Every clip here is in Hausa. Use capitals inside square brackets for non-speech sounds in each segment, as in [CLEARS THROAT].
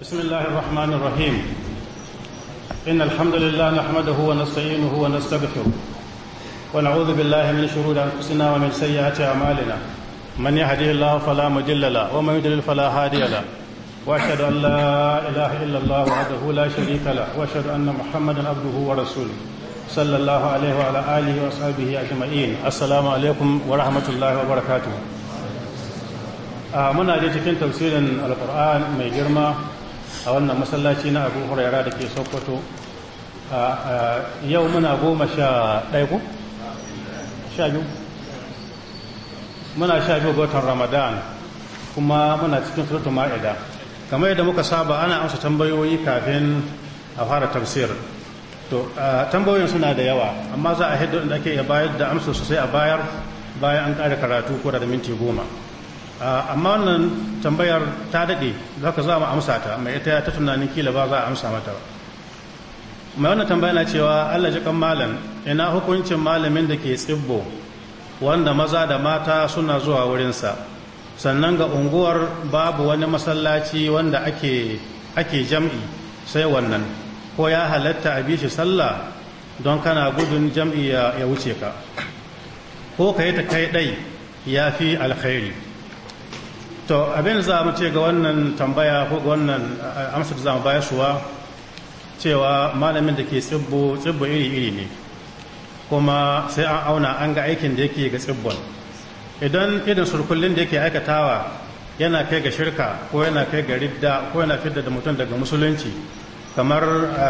بسم الله الرحمن الرحيم إن الحمد لله نحمده ونستعينه ونستغفره ونعوذ بالله من شرور أنفسنا ومن سيئات أعمالنا من يهدي الله فلا مضل له ومن يضلل فلا هادي له وأشهد أن لا إله إلا الله وحده لا شريك له وأشهد أن محمدا عبده ورسوله صلى الله عليه وعلى آله وأصحابه أجمعين السلام عليكم ورحمة الله وبركاته muna je cikin tafsirin alkur'an mai girma a wannan masallaci na abu huraira da ke sokoto yau muna goma sha ɗaya sha biyu muna sha biyu watan ramadan kuma muna cikin turtu ma'ida kamar yadda muka saba ana amsa tambayoyi kafin a fara tafsir to tambayoyin suna da yawa amma za a hidda da ake iya bayar da amsa sosai a bayar bayan an ƙara karatu ko da minti goma Ah, amma wannan tambayar ta daɗe za ka za mu amsa ta mai ita ya ta tunanin kila ba za a amsa mata ba mai wannan tambaya na cewa allah ji kan malam ina hukuncin malamin da ke tsibbo wanda maza da mata suna zuwa wurinsa sannan ga unguwar babu wani masallaci wanda ake ake jam'i sai wannan ko ya halatta a bishi sallah don kana gudun jam'i ya wuce ka ko ka yi ta kai ɗai ya fi alkhairi to abin za mu ce ga wannan tambaya ko ga wannan amsar za mu bayar suwa cewa malamin da ke tsibbo tsibbo iri-iri ne kuma sai an auna an ga aikin da yake ga tsibbon idan idin surkullin da yake aikatawa yana kai ga shirka ko yana kai ga ridda ko yana fidda da mutum daga musulunci kamar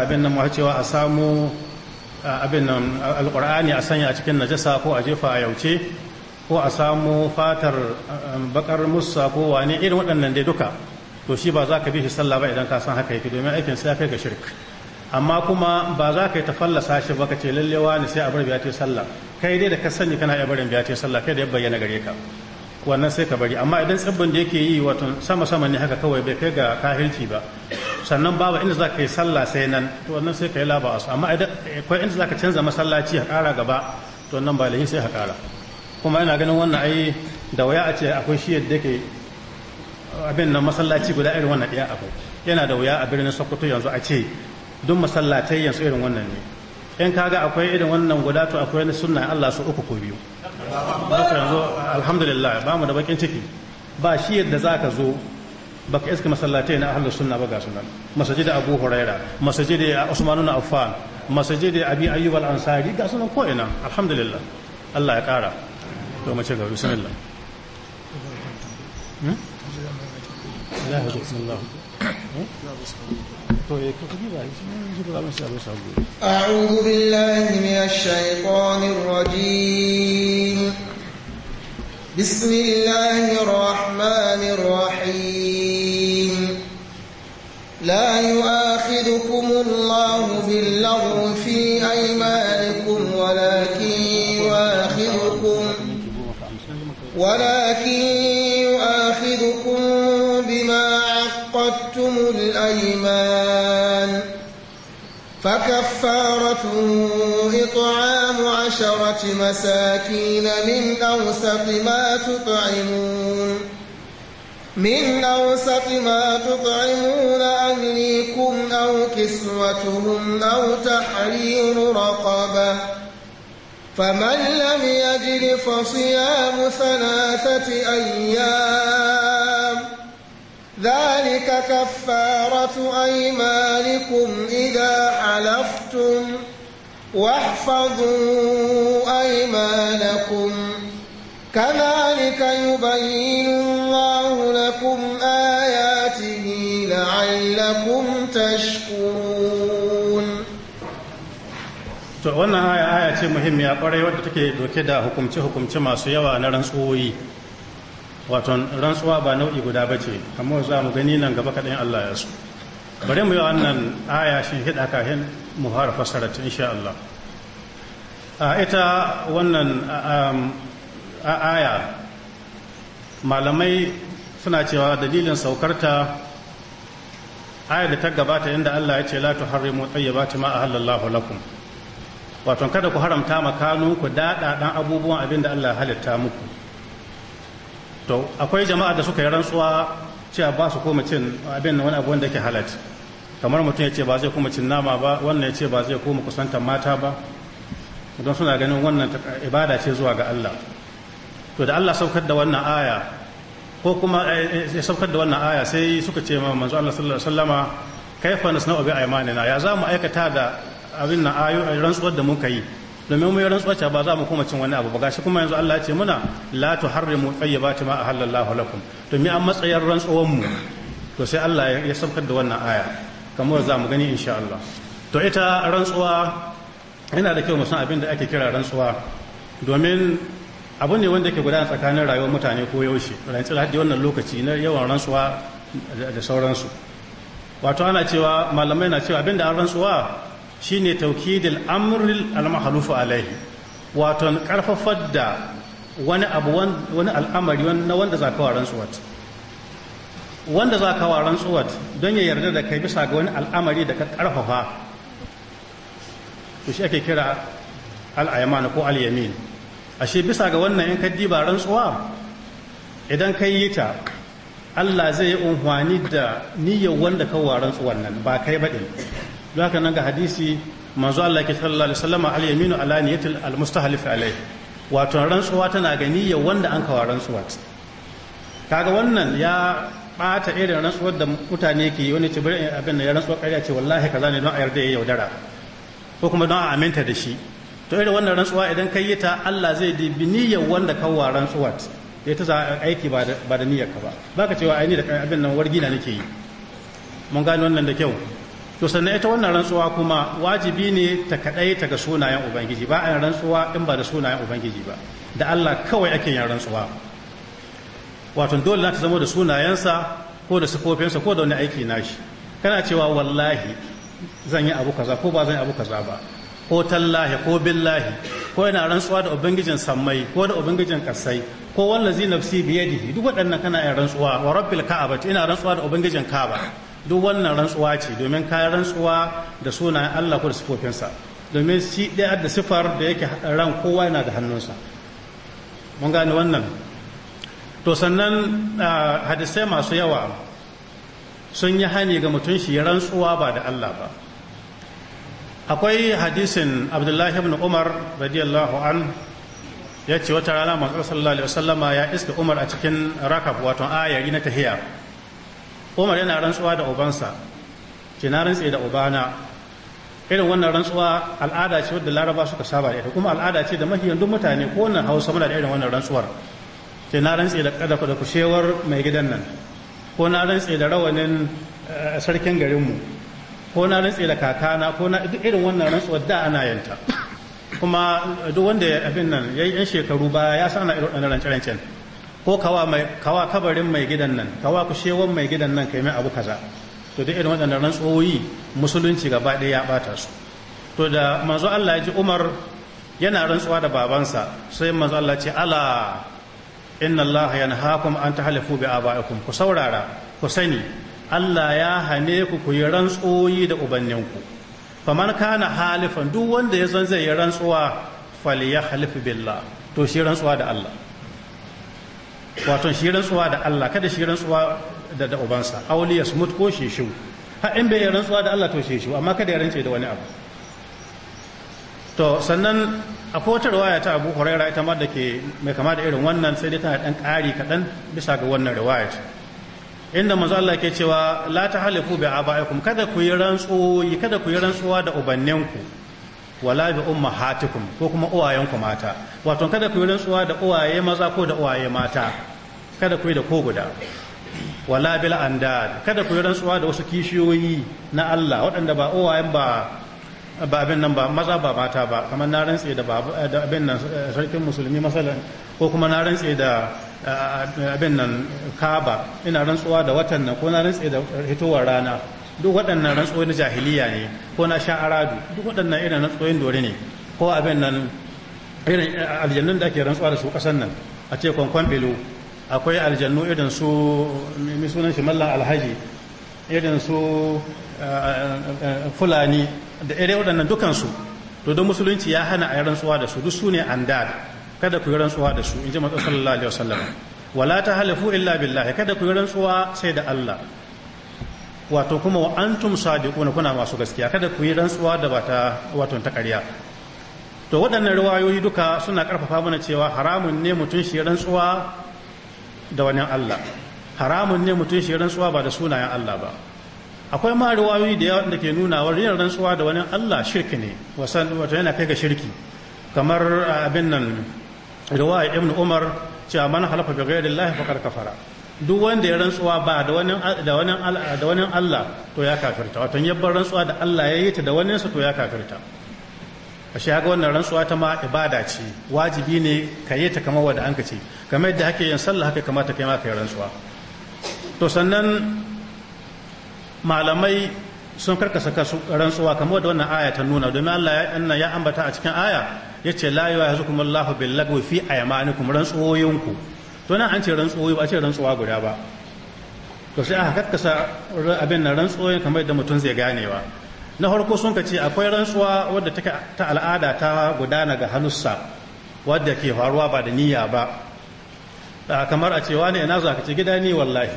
abin nan cewa a samu abin nan alkur'ani a sanya a cikin najasa ko a jefa a yauce ko a samu fatar um, bakar musa ko wani irin waɗannan dai duka to shi ba za ka bi shi sallah ba idan ka san haka yake domin aikin sai kai ga shirk amma kuma ba za ka yi ta fallasa shi ba ka ce lalle wani sai a bar biya ta sallah kai dai da ka sani kana iya barin biya ta sallah kai da ya bayyana gare ka wannan sai ka bari amma idan tsibbin da yake yi wato sama sama ne haka kawai bai kai ga kahilci ba sannan babu inda za ka yi sallah sai nan to wannan sai ka yi laba amma idan akwai inda za ka canza masallaci a kara gaba to wannan ba lahi sai a kara kuma yana ganin wannan ai da waya a ce akwai shi yadda ke abin nan masallaci guda irin wannan ɗaya akwai yana da wuya a birnin sokoto yanzu a ce duk masallatai yanzu irin wannan ne in kaga akwai irin wannan guda to akwai na sunna Allah su uku ko biyu ba ka yanzu alhamdulillah ba mu da bakin ciki ba shi yadda za ka zo baka iska masallatai na ahlus sunna ba ga sunan masajidi abu huraira masajidi usman ibn affan masajidi abi ayyub al ansari ga sunan ko ina alhamdulillah Allah ya kara لو ما بسم الله لا بسم الله أعوذ بالله من الشيطان الرجيم بسم الله الرحمن الرحيم لا يؤاخذكم الله باللغو في أيمانكم ولكن يؤاخذكم بما عقدتم الأيمان فكفارته إطعام عشرة مساكين من أوسط ما تطعمون من أوسط ما تطعمون أهليكم أو كسوتهم أو تحرير رقبه فمن لم يجد فصيام ثلاثة أيام ذلك كفارة أيمانكم إذا حلفتم واحفظوا أيمانكم كذلك يبين الله لكم آياته لعلكم تشكرون to wannan aya aya ce muhimmiya kwarai wadda take doke da hukumce-hukumce masu yawa na rantsuwoyi wato rantsuwa ba nau'i guda ba ce amma za mu gani nan gaba kaɗan Allah ya su bari mu yi wannan aya shi hida kahin mu fara fasara ta insha Allah a ita wannan aya malamai suna cewa dalilin saukarta aya da ta gabata inda Allah ya ce la tuharrimu tayyibati ma ahallallahu lakum wato kada ku haramta makanun ku daɗa ɗan abubuwan abin da Allah halitta muku to akwai jama'a da suka yi rantsuwa cewa ba su koma cin abin wani abu wanda yake halat kamar mutum ya ce ba zai koma cin nama ba wannan ya ce ba zai koma kusantar mata ba don suna ganin wannan ibada ce zuwa ga Allah to da Allah saukar da wannan aya ko kuma eh, eh, ya saukar da wannan aya sai suka ce ma manzo Allah sallallahu alaihi wasallama kaifa nasna'u bi aymanina ya za mu aikata da abin na ayo rantsuwar da muka yi domin mu yi rantsuwar ba za mu koma cin wani abu ba gashi kuma yanzu Allah ya ce muna la tu tuharrimu tayyibati ma ahallallahu lakum to mi an matsayin rantsuwar mu to sai Allah ya saukar da wannan aya kamar za mu gani insha Allah to ita rantsuwa yana da kyau musan abin da ake kira rantsuwa domin abu ne wanda ke gudana tsakanin rayuwar mutane ko yaushe rantsi da haddi wannan lokaci na yawan rantsuwa da sauransu wato ana cewa malamai na cewa abin da an rantsuwa shine taukidil amril al-mahlufu alaihi wato karfafar da wani abu wani al'amari na wanda za ka wa rantsuwat wanda za ka wa rantsuwat don ya yarda da kai bisa ga wani al'amari da ka karfafa shi ake kira al'ayman ko alyamin ashe bisa ga wannan in ka diba rantsuwa idan kai yi ta Allah zai yi unhwani da niyyar wanda ka wa rantsuwan nan ba kai baɗin don haka nan ga hadisi manzo Allah ke sallallahu alaihi wasallam al yaminu ala niyatil al mustahlif alai wato rantsuwa tana ga niyyar wanda an kawo rantsuwa kaga wannan ya bata irin rantsuwar da mutane ke yi wani tibirin abin da ya rantsuwa kariya ce wallahi kaza ne don a yarda ya yaudara ko kuma don a aminta da shi to irin wannan rantsuwa idan kai yi ta Allah zai dibi niyyar wanda kawwa rantsuwa ya ta za aiki ba da niyyar ka ba baka cewa aini da abin nan wargina nake yi mun gano wannan da kyau to sannan ita wannan rantsuwa kuma wajibi ne ta kadai ta ga sunayen ubangiji ba a rantsuwa in ba da sunayen ubangiji ba da allah kawai ake yin rantsuwa wato dole za ta zama da sunayensa ko da sifofinsa ko da wani aiki nashi kana cewa wallahi zan yi abu kaza ko ba zan yi abu kaza ba ko tallahi ko billahi ko yana rantsuwa da ubangijin sammai ko da ubangijin kasai ko wallazi nafsi biyadihi duk waɗannan kana yin rantsuwa wa rabbil ka'abati ina rantsuwa da ubangijin ka'aba duk wannan rantsuwa ce domin kayan rantsuwa da sunayen Allah ko da sifofinsa domin shi ɗaya da sifar da yake ran kowa yana da hannunsa mun gane wannan to sannan hadisai masu yawa sun yi hani ga mutum shi rantsuwa ba da Allah ba akwai hadisin abdullahi ibn umar radiyallahu an ya ce wata rana masu sallallahu alaihi wasallama ya iska umar a cikin rakab wato ayari na tahiya umar yana rantsuwa da ubansa ce na rantse da ubana irin wannan rantsuwa al'ada ce wadda laraba suka saba da ita kuma al'ada ce da mahiyan duk mutane ko wannan hausa muna da irin wannan rantsuwar ce na rantse da kada da kushewar mai gidan nan ko na rantse da rawanin eh, sarkin garinmu ko na rantse da kakana ko na irin wannan rantsuwar da ana yanta kuma duk wanda abin nan ya yi yan shekaru baya ya sa irin wannan rantsuwar rancen ko kawa kabarin mai gidan nan kawa kushewan mai gidan nan kai mai abu kaza to duk irin waɗannan rantsoyi musulunci gaba ɗaya ya ɓata su to da manzo Allah ya ji Umar yana rantsuwa da babansa sai manzo Allah ce ala inna Allah yanhaakum an tahlifu bi abaikum ku saurara ku sani Allah ya hane ku ku yi rantsoyi da ubanninku faman kana halifan duk wanda ya zan zai yi rantsuwa falyahlif billah to shi rantsuwa da Allah wato shi rantsuwa da Allah kada shi rantsuwa da da ubansa auli yasmut ko shi shu ha in bai rantsuwa da Allah to shi amma kada ya rance da wani abu to sannan akwai wata riwaya ta Abu Huraira ita ma da ke mai kama da irin wannan sai dai tana dan ƙari kaɗan bisa ga wannan riwaya inda manzo Allah ke cewa la tahalifu bi abaikum kada ku yi rantsuwa kada ku yi rantsuwa da ubanninku wala bi hatikum ko kuma uwayen ku mata wato kada ku yi rantsuwa da uwaye maza ko da uwaye mata kada ku yi da ko guda wala bil andad kada ku yi rantsuwa da wasu kishiyoyi na Allah waɗanda ba uwayen ba ba abin nan ba maza ba mata ba kamar na rantse da eh, da abin nan eh, sarkin musulmi masalan ko kuma na rantse da eh, abin nan kaba ina rantsuwa da watan nan ko na rantse da hitowar rana duk waɗannan rantsuwa na jahiliya ne ko na sha aradu duk waɗannan irin rantsuwoyin dore ne ko abin nan irin eh, aljannun da ake rantsuwa da su ƙasan nan a ce kwankwan belo akwai aljannu irin su mai sunan shi mallan alhaji irin su eh, eh, fulani da irin waɗannan dukansu to don musulunci ya hana a yi rantsuwa da su duk su ne dad kada ku yi rantsuwa da su in ji matsalar sallallahu alaihi wasallam wala ta halifu illa billahi kada ku yi rantsuwa sai da allah wato kuma wa antum sadiquna kuna masu gaskiya kada ku yi rantsuwa da bata wato ta ƙarya to waɗannan riwayoyi duka suna ƙarfafa mana cewa haramun ne mutum shi rantsuwa da wani Allah haramun ne mutum shi rantsuwa ba da sunayen Allah ba akwai ma riwayoyi da yawa da ke nuna wa yin rantsuwa da wani Allah shirki ne wasan wato yana kai ga shirki kamar ah, abin nan riwaya ibn Umar cewa man halafa bi ghayri faqad kafara duk wanda ya rantsuwa ba da wani da wani Allah to ya kafirta wato yabban rantsuwa da Allah ya yi ta da wani sa to ya kafirta ashe haka wannan rantsuwa ta ma ibada ce wajibi ne ka yi ta kamar wanda anka ce kamar yadda ake yin sallah haka kamata kai ma ka yi rantsuwa to sannan malamai sun karkasa su rantsuwa kamar da wannan aya ta nuna domin Allah ya ya ambata a cikin aya yace la yuhazzukumullahu billagwi fi aymanikum rantsuwoyinku to nan an ce rantsuwoyi ba a ce rantsuwa guda ba to sai aka kakkasa abin nan rantsuwoyi kamar yadda mutum zai ganewa na farko sun ka ce akwai rantsuwa wadda ta al'ada ta gudana ga halussa wadda ke faruwa ba da niyya ba kamar a ce wani ina zuwa ce gida ni wallahi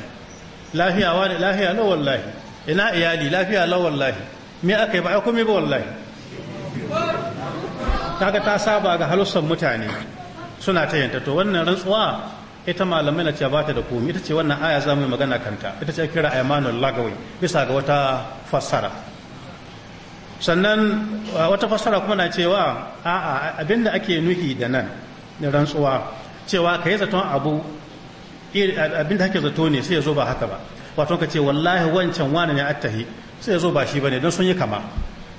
lafiya wani lafiya na wallahi ina iyali lafiya la wallahi me aka yi ba ai komai ba wallahi kaga ta saba ga halussan mutane suna ta yanta to wannan rantsuwa ita malamai na ce ba ta da komi ita ce wannan aya za mu yi magana kanta ita ce kira aymanul lagawi bisa ga wata fassara sannan uh, wata fassara kuma na cewa a'a abinda ake nuhi da nan da rantsuwa cewa ka yi zaton abu abinda ake zato ne sai ya zo ba haka ba wato ka ce wallahi wancan wani ne attahi sai ya zo ba shi ba ne don sun yi kama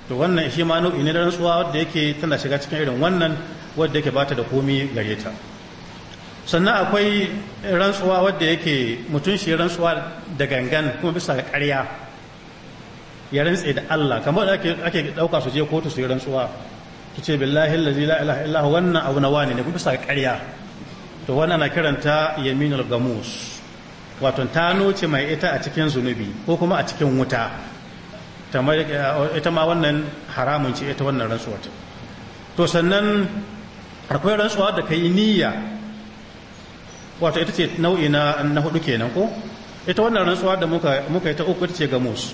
to wannan shi ma nau'i ne da rantsuwa wadda yake tana shiga cikin irin wannan wadda yake bata da komi gare ta sannan akwai rantsuwa wadda yake mutum shi rantsuwa da gangan kuma bisa ga ƙarya ya rantse da Allah kamar da ake ɗauka su je kotu su yi rantsuwa su ce billahi allazi la ilaha illa wannan abu wani ne kuma bisa ga ƙarya to wannan ana kiranta yaminul gamus wato ta noce mai ita a cikin zunubi ko kuma a cikin wuta ita ma wannan haramun ce ita wannan rantsuwa to sannan akwai rantsuwa da kai niyya wato ita ce nau'i na na hudu kenan ko ita wannan rantsuwa da muka muka yi ta uku ita ce gamus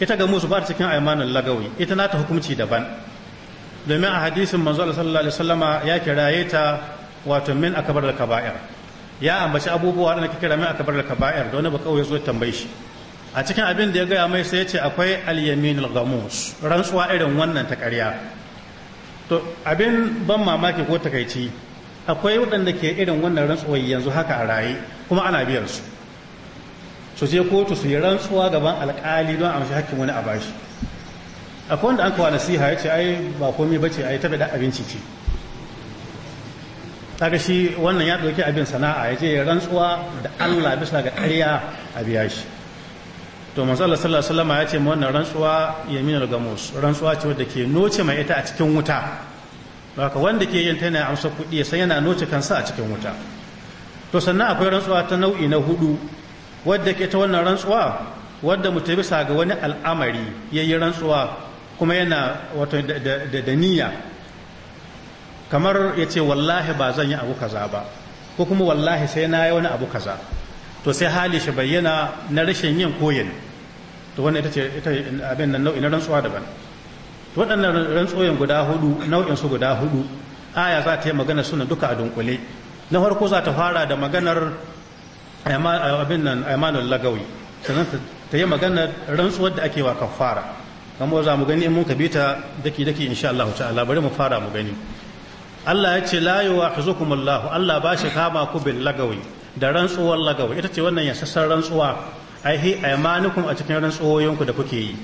ita gamus ba ta cikin aymanul lagawi ita na ta hukunci daban domin a hadisin manzo Allah sallallahu alaihi wasallama ya kiraye ta wato min akbar al kaba'ir ya ambaci abubuwa da nake kira min akbar al kaba'ir don ba kawai zo tambaye shi a cikin abin da ya gaya mai sai ya ce akwai al gamus rantsuwa irin wannan ta ƙarya to abin ban mamaki ko takaici akwai waɗanda ke irin wannan rantsuwa yanzu haka a raye kuma ana biyar su su je kotu su yi rantsuwa gaban alƙali don amshi hakkin wani a bashi akwai wanda an kawo nasiha ya ce ai ba komai bace ai ta da abinci ce ta shi wannan ya ɗauki abin sana'a ya je rantsuwa da Allah bisa ga ƙarya a biya shi to manzala sallallahu alaihi ya ce wannan rantsuwa yaminul gamus rantsuwa ce wadda ke noce mai ita a cikin wuta haka wanda ke yin tana amsa kuɗi sai yana noce kansa a cikin wuta to sannan akwai rantsuwa ta nau'i na hudu wadda ke ta wannan rantsuwa wadda mutum bisa ga wani al'amari ya yi rantsuwa kuma yana wato da niyya kamar ya ce wallahi ba zan yi abu kaza ba ko kuma wallahi sai na yi wani abu kaza to sai hali shi bayyana na rashin yin koyin to wannan ita ce abin nan nau'i na rantsuwa daban waɗannan rantsoyin guda hudu nau'in su guda hudu aya za ta yi magana suna duka a dunkule na farko za ta fara da maganar abin nan aimanul lagawi sannan ta yi maganar rantsuwar da ake wa kafara kamar za mu gani ka bi ta daki daki insha Allah ta'ala bari mu fara mu gani Allah ya ce la yuwahizukum Allah Allah ba shi kama ku bil lagawi da rantsuwar lagawi ita ce wannan yasassan rantsuwa ai hi aymanukum a cikin rantsuwoyinku da kuke yi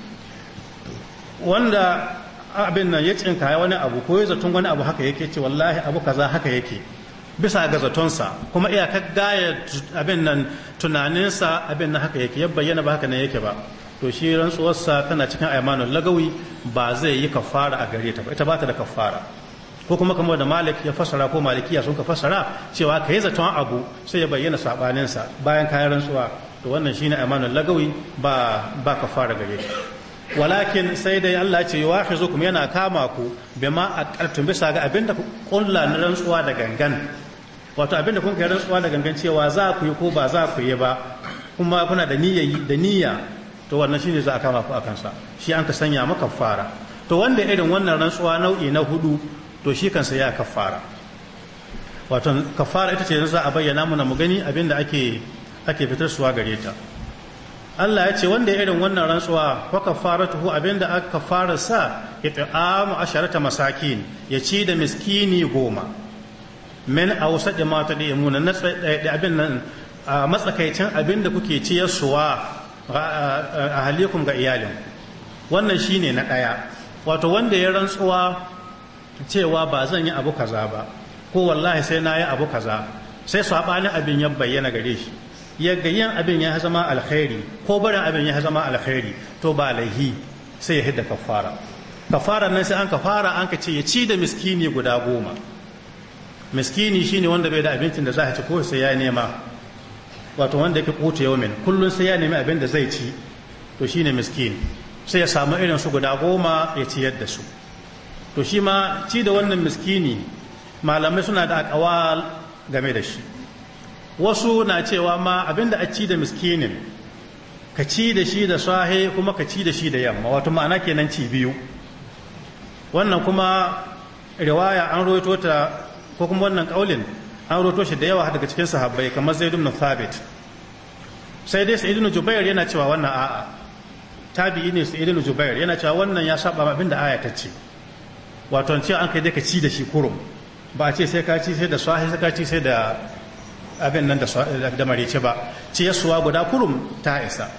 wanda abin nan ya tsinka wani abu ko ya zaton wani abu haka yake ce wallahi abu kaza haka yake bisa ga zatonsa kuma iyakar gaya abin nan tunaninsa abin nan haka yake ya bayyana ba haka nan yake ba to shi rantsuwarsa tana cikin aimanin lagawi ba zai yi kafara a gare ta ba ita ba ta da kafara ko kuma kamar da malik ya fasara ko malikiya sun ka fasara cewa ka yi zaton abu sai ya bayyana sabaninsa bayan kayan rantsuwa to wannan shine aimanin lagawi ba ba kafara gare ta walakin sai dai Allah ce wa hizukum yana kama ku bima ƙartun bisa ga abinda ku kulla na rantsuwa da gangan wato abinda kun kai rantsuwa da gangan cewa za ku yi ko ba za ku yi ba kuma kuna da niyya da niyya to wannan shine za a kama ku akan sa shi an ka sanya maka fara to wanda irin wannan rantsuwa nau'i na hudu to shi kansa ya kafara wato kafara ita ce za a bayyana muna mu gani abinda ake ake fitar suwa gare ta Allah ya ce wanda irin wannan rantsuwa wa kafaratuhu abinda aka fara sa ya ta'amu asharata masakin ya ci da miskini goma min a awsat da tadimuna na eh, abin nan matsakaicin abinda kuke ciyarsuwa a halikun ga iyalin wannan shi ne na ɗaya. wato wanda ya rantsuwa cewa ba zan yi abu kaza ba ko wallahi sai na yi abu kaza sai saɓanin abin ya bayyana gare shi yaga yin abin ya zama alkhairi ko barin abin ya zama alkhairi to ba laihi sai ya hidda kafara kafara nan sai an kafara an ka ce ya ci da miskini guda goma miskini shine wanda bai da abincin da za a ci ko sai ya nema wato wanda yake kuta yaumin kullum sai ya nemi abin da zai ci to shine miskini sai ya samu irin su guda goma ya ci yadda su to shi ma ci da wannan miskini malamai suna da akawal game da shi wasu na cewa ma abinda a ci da miskinin ka ci da shi da sahe kuma ka ci da shi da yamma wato ma'ana kenan ci biyu wannan kuma riwaya an roto ta ko kuma wannan kaulin an roto shi da yawa daga cikin sahabbai kamar zaid ibn thabit sai dai sa'id ibn jubair yana cewa wannan a'a tabi'i ne sa'id ibn jubair yana cewa wannan ya saba abinda aya ta ce wato an ce an kai dai ka ci da shi kurum ba a ce sai ka ci sai da sahe sai ka ci sai da abin nan da marice ba yasuwa guda kurum ta isa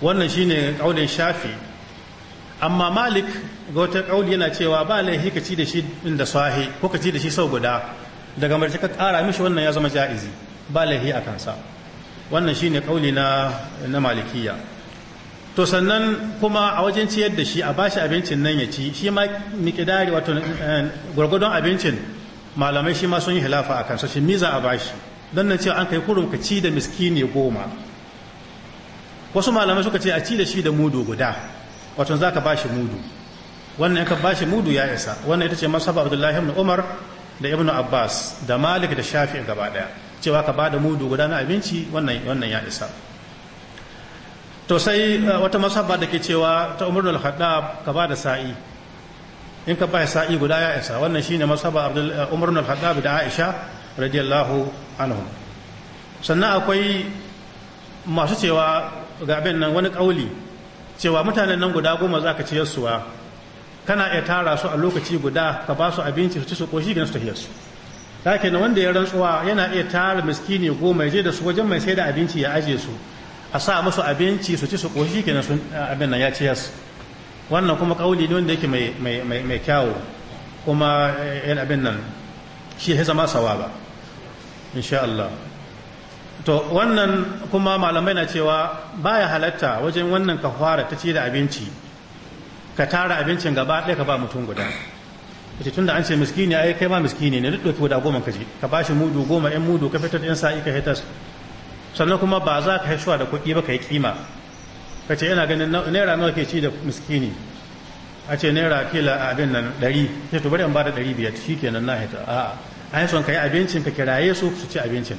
wannan shine kaulin shafi amma malik ga wata kauli yana cewa ba laihi ka ci da shi da swahi ko ka ci da shi sau guda daga marice ka kara mishi wannan ya zama ja'izi ba laihi a kansa wannan shine kauli na na malikiya to sannan kuma a wajen ciyar da shi a bashi abincin nan ya ci shi ma mikidari wato eh, gwargwadon abincin malamai shi ma sun yi hilafa a kansa shi miza a bashi don nan cewa an kai kurum ka ci da miski ne goma wasu malamai suka ce a ci da shi da mudu guda wato za ka bashi mudu wannan ka bashi mudu ya isa wannan ita ce masaba abdullahi ibn umar da ibn abbas da malik da shafi gaba daya cewa ka bada mudu guda na abinci wannan wannan ya isa to sai eh, wata masaba da ke cewa ta umar al-khattab ka bada sa'i in ka bai sa'i guda ya isa wannan shine masaba abdul eh, umar ibn al da aisha radiyallahu anhum sannan akwai masu cewa ga abin nan wani kauli cewa mutanen nan guda goma za ka ciyar suwa kana iya tara su a lokaci guda ka ba su abinci su ci su koshi gidan su tafiyar su da na wanda ya rantsuwa yana iya tara miskini goma ya je da su wajen mai sai da abinci ya aje su a sa musu abinci su ci su koshi kenan eh, abin nan ya ciyar su wannan kuma kauli ne wanda yake mai kyawo, kuma eh, yan abin nan shi ya zama sawaba insha Allah to wannan kuma malamai na cewa ba ya halatta wajen wannan kafara ta ce da abinci ka tara abincin gaba ɗaya ka ba mutum guda ita da an ce miskini ai kai ma miskini ne duk ɗauki guda goma ka je ka ba mudu goma yan mudu ka fitar yan sa'i ka hitas sannan kuma ba za ka haishuwa da kuɗi ba ka yi kima ka ce yana ganin naira nawa ke ci da miskini a ce naira kila abin nan ɗari ya to bari ba da ɗari biyar shi nan na a a'a an son ka yi abincin ka kiraye su su ci abincin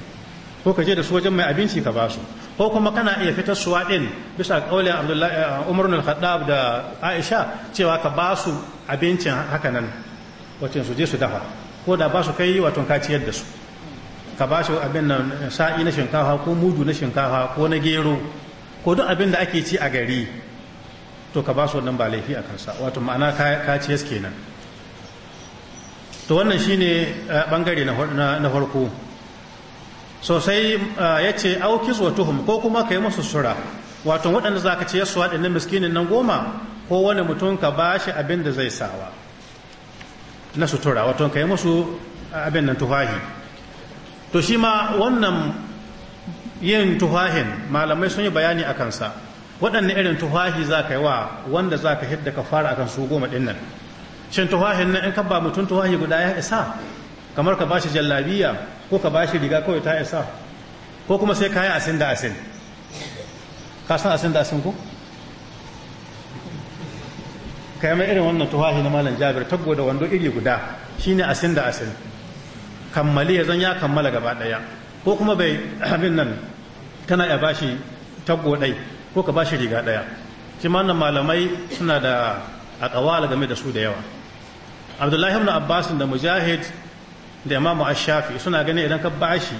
ko ka je da su wajen mai abinci ka ba su ko kuma kana iya fitar suwa ɗin bisa ƙaulin abdullahi eh, umar al khaddab da aisha cewa ka ba su abincin haka nan wacin su je su dafa ko da ba su kai wato ka ciyar da su ka ba su abin nan sa'i na shinkafa ko mudu na shinkafa ko na gero ko duk abin da ake ci a gari to ka ba su wannan ba laifi a kansa wato ma'ana ka yaske kenan to wannan shi ne eh, bangare na farko sosai eh, ya ce aukis wa tuhum ko kuma ka yi musu sura wato waɗanda za ka ciyar su waɗannan miskinin nan goma ko wani mutum ka ba shi abin da zai sawa na sutura wato ka yi musu eh, abin nan tufahi to shi ma wannan yin tuhahin malamai sun yi bayani a kansa waɗanne irin tuhahi za ka yi wa wanda za ka hidda ka fara kan su goma ɗin nan shin tuhahin nan in ka ba mutum tuhahi guda ya isa kamar ka bashi jallabiya ko ka bashi riga kawai ta isa ko kuma sai kayan asin da asin ka san asin da asin ko kai mai irin wannan tuhahi na malam jabir taggo da wando iri guda shine asin da asin kammali ya zan ya kammala gaba ɗaya ko kuma bai [CLEARS THROAT] abin nan tana ya bashi taggo ɗai ko ka bashi riga ɗaya shi ma nan malamai suna da akawala game da su da yawa abdullahi ibn abbas da mujahid da imam ash-shafi suna ganin idan ka bashi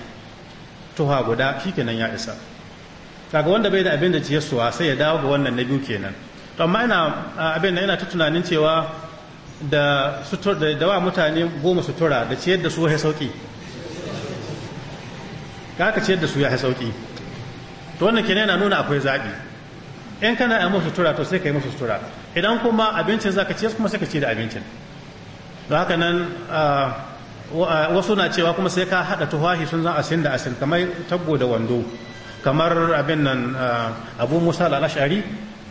tuha guda shikenan ya isa kaga wanda bai da abin da suwa sai ya dawo ga wannan na biyu kenan to amma ina abin ina ta tunanin cewa da sutur da dawa mutane goma sutura da ciyar da su wai sauki ka ka ciyar da su ya fi sauki to wannan kenan yana nuna akwai zaɓi in kana yi musu sutura to sai ka yi musu sutura idan kuma abincin za ka ciyar kuma sai ka ci da abincin don haka nan ah, ah, wasu na cewa kuma sai ka haɗa tuhahi sun zan asin da asin kamar taggo da wando kamar abin nan ah, abu musa al-ashari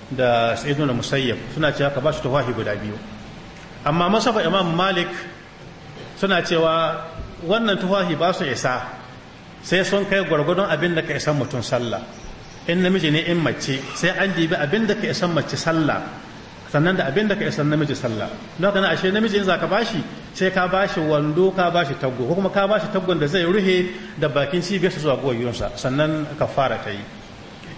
da sa'idu na musayyab suna cewa ka ba su tuhahi guda biyu amma masafa imam malik suna cewa wannan tuhahi ba su isa sai sun kai gwargwadon abin da ka isan mutum sallah in namiji ne in mace sai an dibi abin da ka isan mace sallah sannan da abin da ka isan namiji sallah don na ashe namiji in zaka bashi sai ka bashi wando ka bashi taggo ko kuma ka bashi taggon da zai ruhe da bakin cibiyarsa zuwa goyonsa sannan ka fara ta yi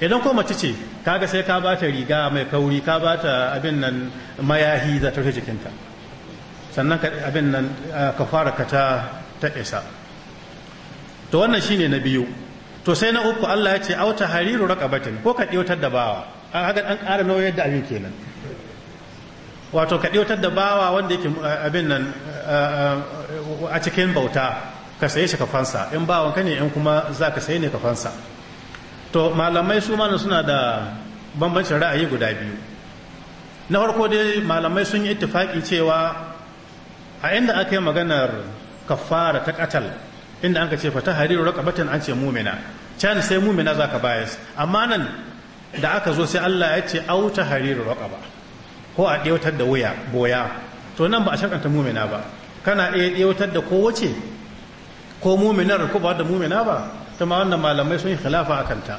idan ko mace ce kaga sai ka bata riga mai kauri ka bata abin nan mayahi za ta rufe jikinta sannan abin nan eh, ka fara ka ta isa to wannan shine na biyu to sai na uku Allah ya ce auta hariru raqabatin ko ka ɗiyotar da bawa an haka ƙara nauyi yadda abin kenan wato ka ɗiyotar da bawa wanda yake eh, abin nan eh, eh, a cikin bauta ka saye shi kafansa. in bawan ka ne in kuma za ka saye ne kafansa to malamai su ma suna da bambancin ra'ayi guda biyu na farko dai malamai sun yi ittifaki cewa a inda aka yi maganar kafara ta katal inda an ka ce fata hariru raqabatan an ce mumina can sai mumina zaka bayas amma nan da aka zo sai Allah ya ce au ta hariru raqaba ko a ɗewtar da wuya boya to nan ba a shakanta mumina ba kana iya ɗewtar da kowace ko muminar ko ba da mumina ba ta ma wannan malamai sun yi khilafa akan ta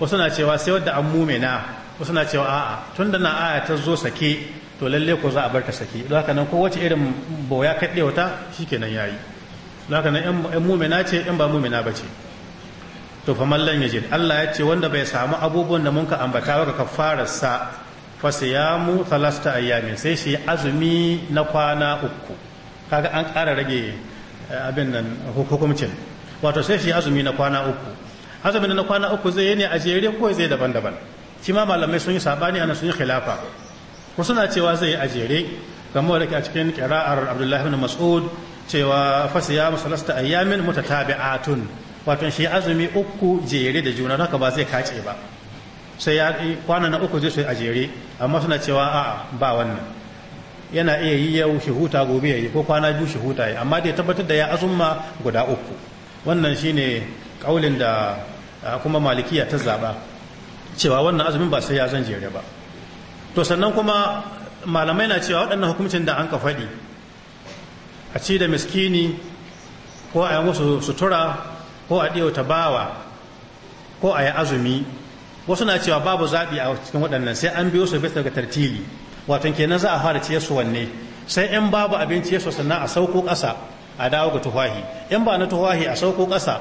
wasu na cewa sai wadda an mumina wasu na cewa a'a tunda na aya ta zo sake to lalle ko za a bar ta sake don haka nan kowace irin boya kaɗewata shikenan yayi haka yan mumina ce yan ba mumina ba ce to fa mallan yajid Allah ya ce wanda bai samu abubuwan da munka ambata ba ka fara sa. fa siyamu thalasta ayyamin sai shi azumi na kwana uku kaga an ƙara rage eh, abin nan hukumcin wato sai shi azumi na kwana uku Azumi na kwana uku zai ne a jere ko zai daban-daban shi ma malamai sun yi sabani ana sun yi khilafa ko suna cewa zai yi a jere kamar da ke a cikin kira'ar abdullahi ibn mas'ud cewa fasiya masalasta ayyamin mutatabi'atun wato shi azumi uku jere da juna haka ba zai kace ba sai ya kwana na uku zai sai a jere amma suna cewa a'a ba wannan yana iya yi yau shi huta gobe yayi ko kwana biyu shi huta yi amma dai tabbatar da ya azumma guda uku wannan shine kaulin da kuma malikiya ta zaba cewa wannan azumin ba sai ya zan jere ba to sannan kuma malamai na cewa waɗannan hukuncin da an ka faɗi a ci da miskini ko a yi musu sutura ko a ɗiyo bawa ko a yi azumi wasu na cewa babu zaɓi a cikin waɗannan sai an biyo su bisa ga tartili watan kenan za a fara ciye su wanne sai yan babu abinci ya sannan a sauko ƙasa a dawo ga tuhahi in ba na tuhahi a sauko ƙasa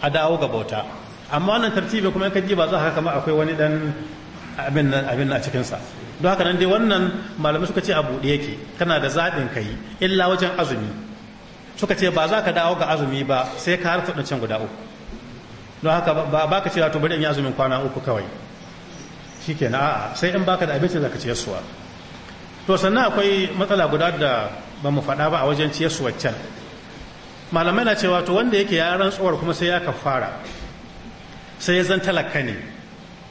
a dawo ga bauta amma wannan tartibin kuma in ka ji ba za ka kama akwai wani ɗan abin a cikinsa don haka nan dai wannan malamai suka ce a buɗe yake kana da zaɓin ka yi illa wajen azumi suka ce ba za ka dawo ga azumi ba sai ka harfa ɗancan guda uku don haka ba ka cewa to bari in yi azumin kwana uku kawai shi ke a'a sai in baka da abincin za ka ciyar suwa to sannan akwai matsala guda da ba mu faɗa ba a wajen ciye suwar can malamai na cewa to wanda yake ya rantsuwar kuma sai ya fara sai ya zan talaka ne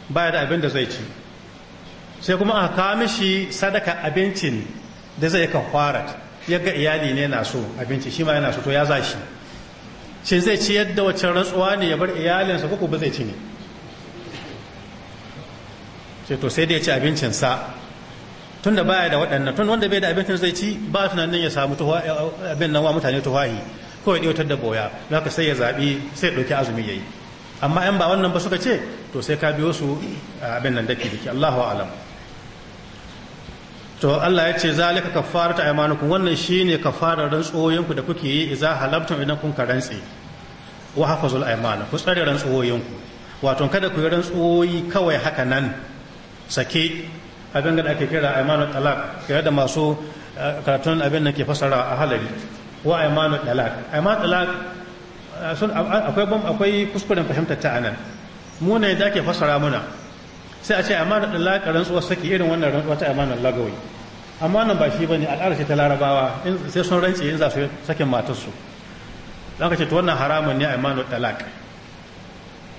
baya da abin da zai ci sai kuma a kawo mishi sadaka abincin da zai kan ya ga iyali ne na so abinci shi ma yana so to ya za shi shi zai ci yadda waccan rantsuwa ne ya bar iyalinsa ko ba zai ci ne sai to sai dai ya ci abincinsa tun da baya da waɗannan tun wanda bai da abincin zai ci ba tunanin ya samu abin nan wa mutane tuhahi ko ya ɗautar da boya za ka sai ya zaɓi sai ɗauki azumi ya yi amma in ba wannan ba suka ce to sai ka biyo su abin nan daki daki allahu alam to Allah ya ce zalika kafaratu aymanukum wannan shine kafarar rantsoyinku da kuke yi idza halabtum idan kun rantsi wa hafazul aymana ku tsare rantsoyinku wato kada ku yi rantsoyi kawai haka nan sake abin da ake kira aymanu talaq kira da masu eh, karatun abin nan ke fasara a halali wa aymanu talaq aymanu talaq eh, akwai akwai kuskuren fahimtar ta anan mu ne da ake fasara muna sai a ce amana Allah rantsuwar saki irin wannan rantsuwa ta amana lagawai amma nan ba shi bane al'ada ce ta larabawa sai sun rantsi in za su sakin matarsu don ka ce to wannan haramun ne amana talak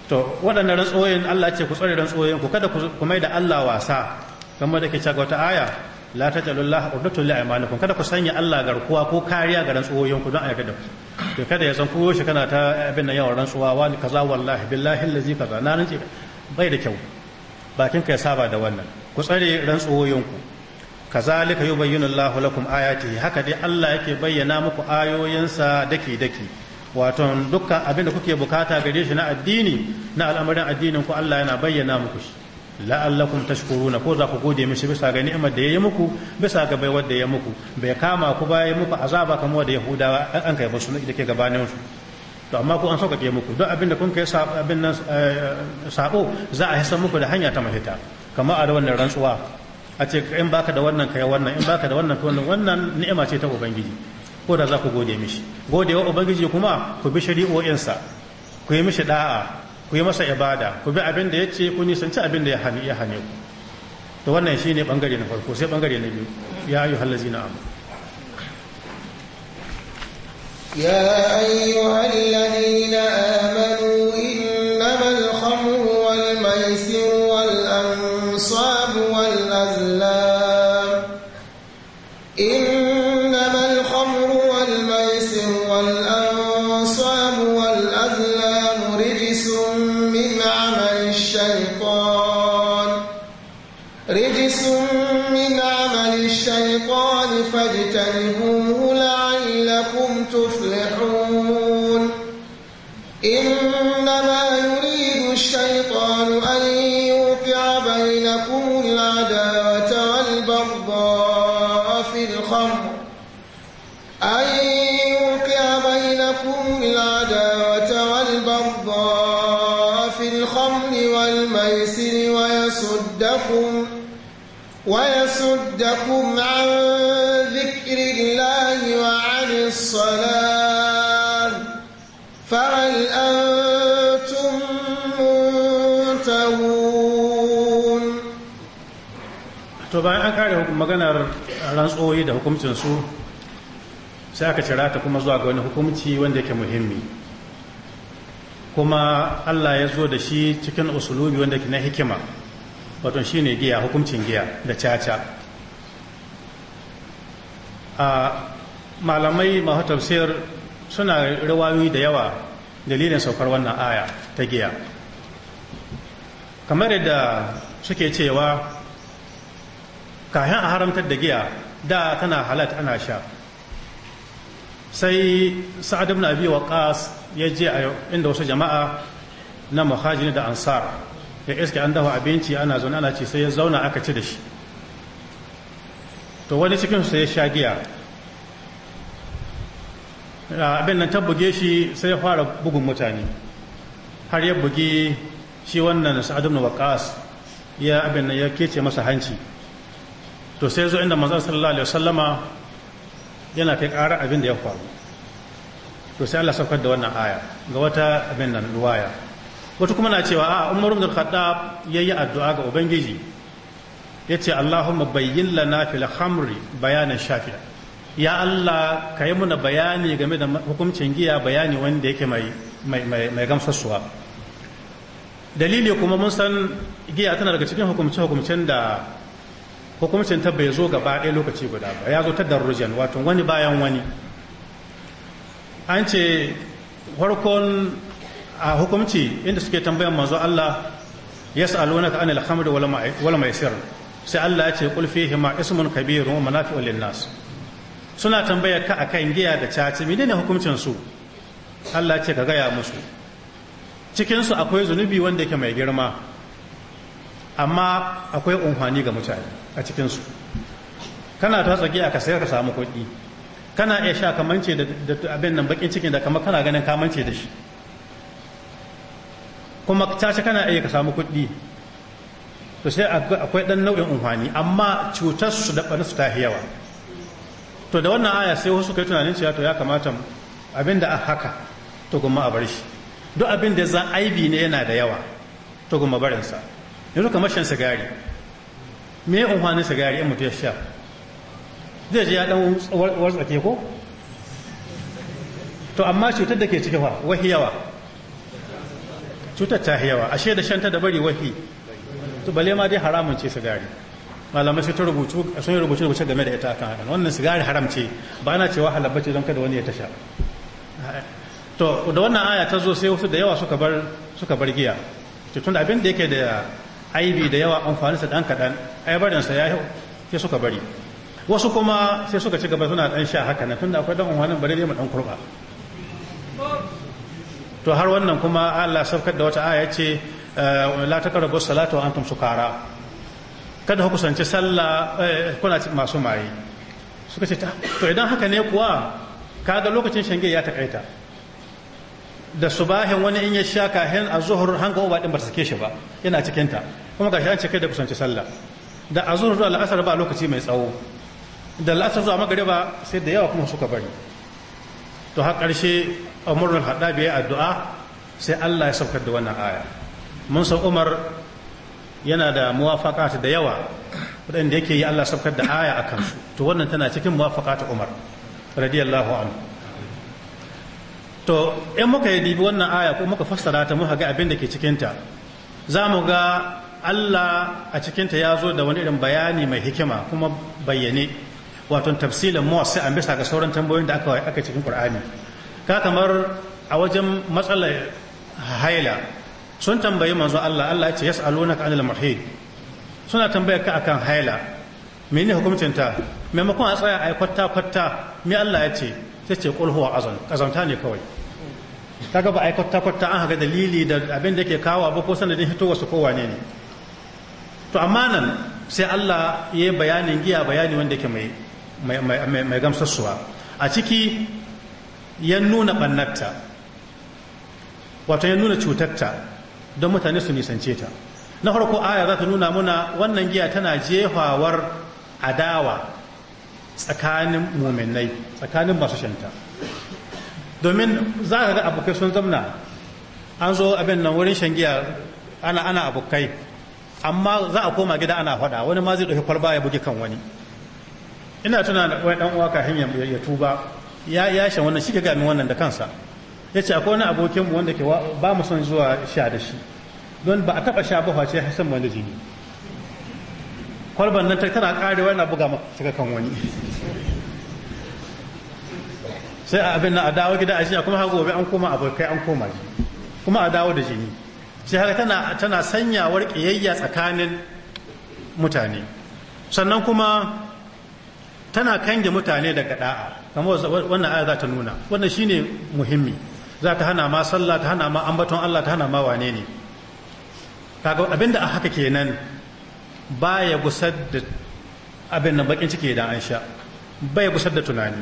to waɗannan rantsuwoyin Allah ce ku tsare rantsuwoyin ku kada ku mai da Allah wasa kamar da ke cewa wata aya la tajalullaha urdatul li aymanikum kada ku sanya Allah garkuwa ko kariya ga rantsuwoyin ku don a yarda da ku kada ya san ko shi kana ta abin nan yawan rantsuwa wani kaza wallahi billahi allazi kaza na rantsi bai da kyau bakin ka ya saba da wannan ku tsare rantsuwoyinku kazalika yubayyinu Allahu lakum ayati haka dai Allah yake bayyana muku ayoyinsa daki daki wato dukkan abin da kuke bukata gare shi na addini na al'amarin addinin ku Allah yana bayyana muku shi la'allakum tashkuruna ko za ku gode mishi bisa ga ni'imar da ya yi muku bisa ga baiwar da ya muku bai kama ku ba ya muku azaba kamar da Yahudawa an kai ba su da ke gabanin su to amma ko an sauƙaƙe muku don abin da kun kai sabo eh, za a hisan muku da hanya ta mahita kamar a da wannan rantsuwa a ce in baka da wannan kai wannan in baka da wannan kai wannan wannan ni'ima ce ta ubangiji ko da za ku gode mishi gode wa ubangiji kuma ku bi shari'o'insa ku yi mishi da'a ku yi masa ibada ku bi abin da ya ce ku nisanci abin da ya hane ku to wannan shine bangare na farko sai bangare na biyu ya ayyuhallazina amanu يا أيها الذين آمنوا ويصدكم عن ذكر الله وعن الصلاة فهل أنتم منتهون طبعا أكاد maganar rantsoyi da hukumcinsu, sai aka cira ta kuma zuwa ga wani hukumci wanda yake muhimmi kuma Allah ya zo da shi cikin usulubi wanda ke na hikima wato ne giya hukuncin giya da caca a malamai masu tafsir suna rawayoyi da yawa dalilin saukar wannan aya ta giya kamar yadda suke cewa kayan a haramtar da giya da tana halatta ana sha sai sa'ad ibn wa ƙas ya je a inda wasu jama'a na muhajiri da ansar ya iske an dafa abinci ana zaune ana ce sai ya zauna aka ci da shi to wani cikin sai ya sha giya abin nan buge shi sai ya fara bugun mutane har ya bugi shi wannan sa'ad ibn waqas ya abin nan ya kece masa hanci to sai zo inda manzon sallallahu alaihi wasallama yana kai ƙara abin da ya faru to sai Allah saukar da wannan aya ga wata abin nan ruwaya wata kuma na cewa a umar ibn khattab yayi addu'a ga ubangiji yace allahumma bayyin lana fil khamri bayanan shafi'a ya allah kai muna bayani game da hukuncin giya bayani wanda yake mai mai mai dalili kuma mun san giya tana daga cikin hukumce hukumcen da hukumcin ta bai zo gaba ɗaya lokaci guda ba ya zo ta darujan wato wani bayan wani an ce farkon a hukumci inda suke tambayan manzo Allah ya yas'alunaka anil wala wal maisir sai Allah ya ce qul fihi ma ismun kabirun wa manafi'un lin suna tambayar ka akan giya da caci menene hukuncin su Allah ya ce ka gaya musu cikin su akwai zunubi wanda yake mai girma amma akwai umfani ga mutane a cikin su kana ta tsage aka sayar ka samu kuɗi kana iya sha kamance da abin nan bakin cikin da kamar kana ganin kamance da shi kuma cace kana iya ka samu kuɗi to sai akwai ɗan nau'in umfani amma cutar su da su ta yawa to da wannan aya sai wasu kai tunanin cewa to ya kamata abin da haka to kuma a bar shi duk abin da zan aibi ne yana da yawa to kuma sa yanzu kamar shan sigari me umfanin sigari in mutu ya sha zai ji ya ɗan wartsake ko to amma cutar da ke cikin fa wahi yawa cutar ta yawa ashe da shanta da bari wahi to bale ma dai haramun ce sigari malamai ta rubutu sun rubutu rubutu game da ita akan hakan wannan sigari haram ce ba na cewa halabbace don kada wani ya tasha to da wannan aya ta zo sai wasu da yawa suka bar suka bar giya to tunda abin da yake da aibi da yawa amfanin sa dan kadan ai barin sa ya sai suka bari wasu kuma sai suka ci gaba suna dan sha haka na tunda akwai dan umarnin bare ne mu dan kurba to har wannan kuma Allah saukar da wata aya ce eh, la taqrabu salata wa antum sukara kada ku sanci sallah eh, kuna masu maye suka ce to idan haka ne kuwa kaga lokacin shange ya takaita da subahin wani in ya sha kahin a zuhur hanga uba din ba ta sake shi ba yana cikin ta kuma gashi an ce kai da kusanci sallah da a zuhur zuwa la'asar ba lokaci mai tsawo da la'asar zuwa magariba sai da yawa kuma suka bari to har karshe umar al-haɗabi ya addu'a sai Allah ya saukar da wannan aya mun san umar yana da muwafaqat da yawa waɗanda yake yi Allah saukar da aya a kansu to wannan tana cikin muwafaqat umar radiyallahu anhu to in muka yi dibi wannan aya ko muka fassara ta muka ga abin da ke cikinta za mu ga Allah a cikinta ya zo da wani irin bayani mai hikima kuma bayyane wato tafsilin muwassi a bisa ga sauran tambayoyin da aka cikin Qur'ani ka kamar a wajen matsalar haila sun tambayi manzo Allah Allah ya ce yas'alunaka anil mahid suna tambaya ka akan haila menene hukuncin ta maimakon a tsaya ai kwatta kwatta me Allah ya ce sai ce qul huwa azan kazanta ne kawai kaga ba ai kwatta kwatta an haga dalili da abin da yake kawo ba ko sanadin hitowar su kowane ne to amma nan sai Allah ya yi bayanin giya bayani wanda ke mai mai mai gamsassuwa a ciki ya nuna ɓannatta wato ya nuna cutarta don mutane su nisance ta na farko aya za ta nuna muna wannan giya tana jefawar adawa tsakanin muminai tsakanin masu shanta domin za ka ga abokai sun zamna an zo abin nan wurin shan giya ana ana abokai amma za a koma gida ana faɗa wani ma zai ɗauki kwalba ya bugi kan wani ina tuna wani ɗan uwa hanyar ya tuba ya yashe wannan shi ke gami wannan da kansa ya ce akwai wani abokinmu wanda ke ba mu son zuwa sha da shi don ba a taba sha ba face hasan wani jini kwalban nan tana karewa na buga maka kan wani sai a abin nan a dawo gida a jinya kuma har gobe an koma abokai an koma shi kuma a dawo da jini sai haka tana tana sanyawar kiyayya tsakanin mutane sannan kuma tana kange mutane daga da'a kamar wannan aya za ta nuna wannan shine muhimmi za ta hana ma sallah ta hana ma ambaton Allah ta hana ma wane ne kaga abinda a haka kenan baya gusar da abin nan bakin ciki da an sha baya gusar da tunani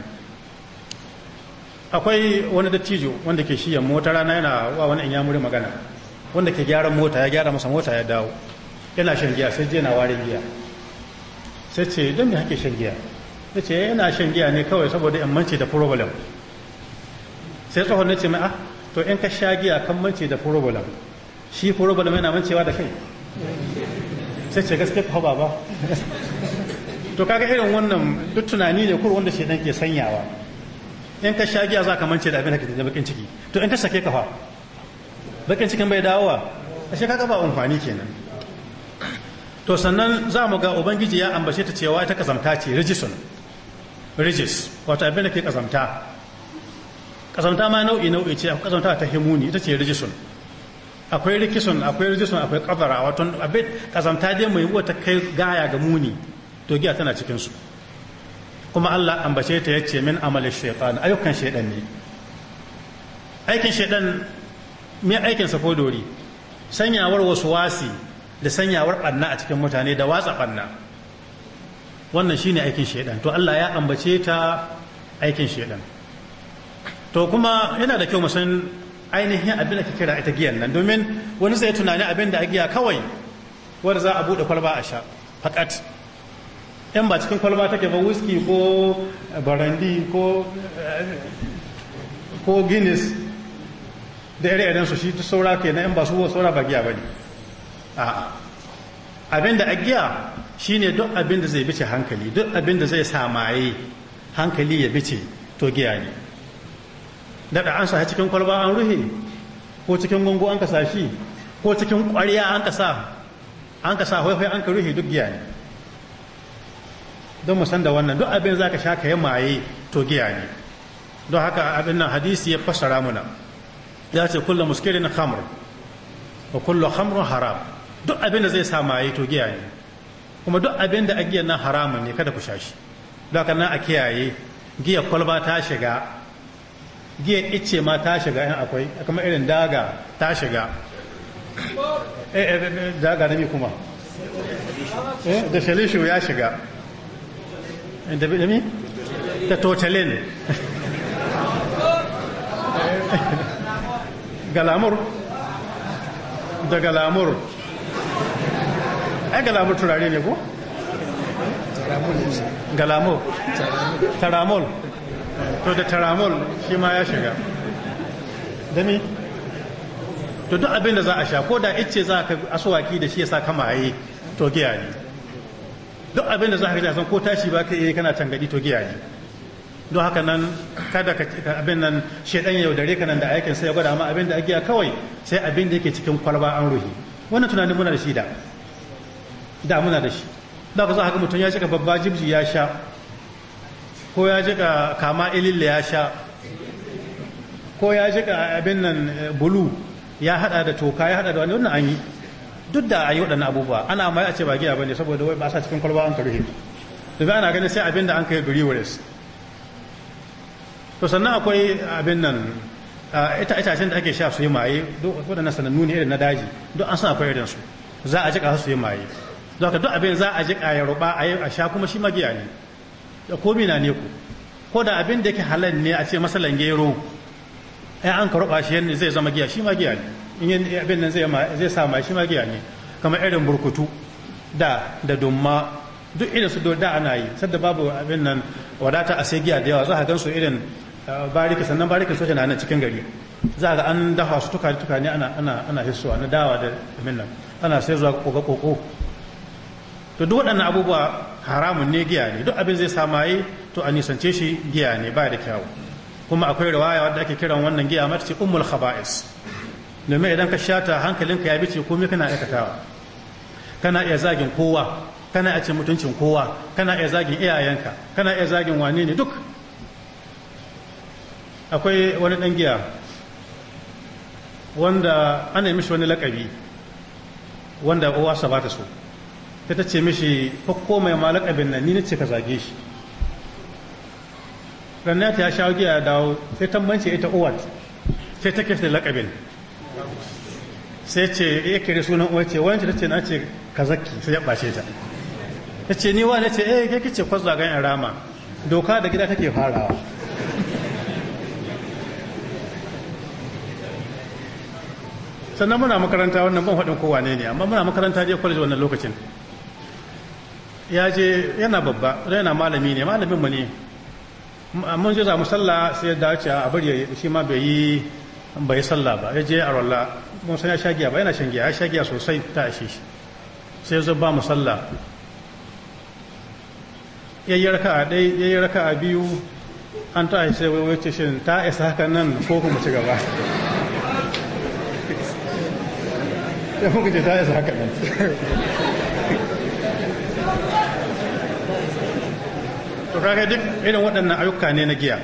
akwai wani dattijo wanda ke shiyan mota rana yana wa wani in yamuri magana wanda ke gyaran mota ya gyara masa mota ya dawo yana shan giya sai je na ware giya sai ce don me hake shan giya ya ce yana shan giya ne kawai saboda yammanci da problem sai tsohon na ce mai ah to in ka sha giya kan manci da problem shi problem yana mancewa da kai sai ce gaske ka ba ba [LAUGHS] to kaga irin wannan duk tunani ne kurwan da shedan ke sanyawa in ka sha giya za ka mance da abin da ke da bakin ciki to in ka sake ka fa bakin cikin bai dawowa ashe kaga ba amfani kenan to sannan za mu ga ubangiji ya ambace ta cewa ita kazamta ce rijisun ridges wato abin da ke kazamta kazamta ma nau'i nau'i ce kazamta ta himuni ita ce rijisun akwai rikisun akwai rijisun akwai kabara wato abin kazamta dai mai yiwuwa ta kai gaya ga muni to giya tana cikinsu. kuma Allah ambace ta yace min amalin shaytan ayyukan shaytan ne aikin shaytan me aikin sa ko dori sanyawar wasu wasi da sanyawar banna a cikin mutane da watsa banna wannan shi ne aikin shaidan to Allah ya ambace ta aikin shaidan to kuma yana da kyau san ainihin abin da ka kira ita giyan nan domin wani zai tunani abin da giya kawai wanda za a bude kwalba a sha fakat yan ba cikin kwalba take ba whisky ko barandi ko eh, ko guinness da ire-iren su shi ta saura ke na yan ba su saura ba giya ba ne abin da agiya Shi ne duk abin da zai bice hankali duk abin da zai samaye hankali ya bice to giya ne daɗa an sa cikin kwalba an ruhe ko cikin gungu an kasa shi ko cikin ƙwariya an kasa an kasa haifai an ka ruhe duk giya ne don mu san da wannan duk abin za ka sha ka yi maye to giya ne don haka abin nan hadisi ya fassara muna ya ce kullum muskirin khamr wa kullum khamrun haram duk abin da zai sa maye to giya ne kuma duk abin da giyan nan haramun ne kada ku sha shi don nan a kiyaye giya kwalba ta shiga giya ice ma ta shiga in akwai kamar irin daga ta shiga eh, eh, eh, daga na kuma kuma da shalishu ya shiga da dami ta totalin [LAUGHS] galamur da galamur ai galamu turare ne ko Galamu? taramol to da taramol shi ma ya shiga dami to duk abin da za a sha ko da ice za ka asuwaki da shi ya sa kama yi to giya ne duk abin da za ka san ko tashi ba ka iya kana tangadi to giya ne don haka nan kada ka abin nan shaidan ya yaudare ka nan da aikin sai ya gwada ma abin da a giya kawai sai abin da yake cikin kwalba an ruhi wannan tunanin muna da shi da da muna da shi da ku za ka mutum ya cika babba jibji ya sha ko ya cika kama ililla ya sha ko ya cika abin nan eh, bulu ya hada da toka ya hada da wani wannan an yi duk da a yi waɗannan abubuwa ana mai a ce ba giya ba ne saboda wai ba sa cikin kwalba an karuhe da ana ganin sai abin da an kai guri wuris to sannan akwai abin nan eh, ita itacen da ake sha su yi maye duk waɗannan sanannu ne irin na daji duk an san akwai irin su za a jika su yi maye don duk abin za a jiƙa ya ruba a yi a sha kuma shi magiya ne da komi na ne ku ko da abin da yake halal ne a ce masalan gero ai an ka ruba shi yanne zai zama giya shi magiya ne in abin nan zai sa ma shi magiya ne kamar irin burkutu da da dumma duk irin su da ana yi sadda babu abin nan wadata a sai giya da yawa za a gan su irin barika sannan barika soja na nan cikin gari za ga an dafa su tukane tukari ana ana ana hissuwa na dawa da abin nan ana sai zuwa koko koko to duk waɗannan abubuwa haramun ne giya ne duk abin zai samaye to a nisance shi giya ne ba da kyawu kuma akwai rawaya wadda ake kiran wannan giya mata ce ummul khaba'is domin idan ka shata hankalinka ya bice komai kana aikatawa kana iya zagin kowa kana iya cin mutuncin kowa kana iya zagin iyayenka kana iya zagin wane ne duk akwai wani ɗan giya wanda ana yi mishi wani lakabi wanda uwa sa ba ta so sai ta ce mishi fakko mai malak abin nan ni nace ka zage shi ranna ta ya sha ya dawo sai tambance ita uwat sai ta da lakabin sai ce ya eh, kere sunan uwa ce wani ta ce na ce ka zaki sai ya bashe ta ta ce ni wani ce eh kai ce kwazza ganin rama doka da gida take farawa sannan muna makaranta wannan ban faɗin kowa ne ne amma muna makaranta je kwalji wannan lokacin ya je yana babba yana malami ne malamin mu ne mun je za mu sallah sai ya dace a bari shi ma bai yi bai sallah ba ya je a rolla mun san ya sha giya ba yana shan giya ya sha giya sosai ta ashe shi sai ya zo ba mu sallah ya yi a ɗai ya yi a biyu an ta ashe wai ce shin ta isa haka nan ko kuma ci gaba [LAUGHS] ya muka ce ta isa haka nan [LAUGHS] kaga duk irin waɗannan ayyuka ne na giya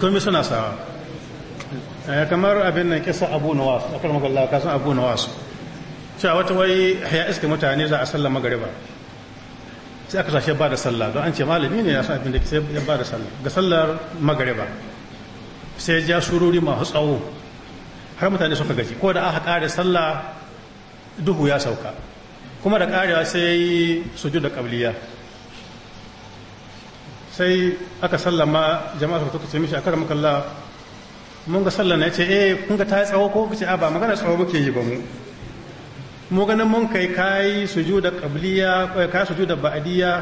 komai suna sawa eh, kamar abin nan kisa abu wasu a kan magallawa kasan abu nawas cewa wata wai ya iska mutane za a sallar magariba sai aka sashe ba da sallah don an ce malami ne ya san abin da sai ya ba da sallah ga sallar magariba sai ya sururi masu tsawo har mutane suka gaji ko da aka kare sallah duhu ya sauka kuma da karewa sai su ju da kabliya sai aka sallama jama'a ta ce mishi akar makalla mun ga sallana ya ce eh kun ga ta tsawo ko kace a ba magana tsawo muke yi ba mu mu ganin mun kai kai da qabliya eh, kai da ba'diya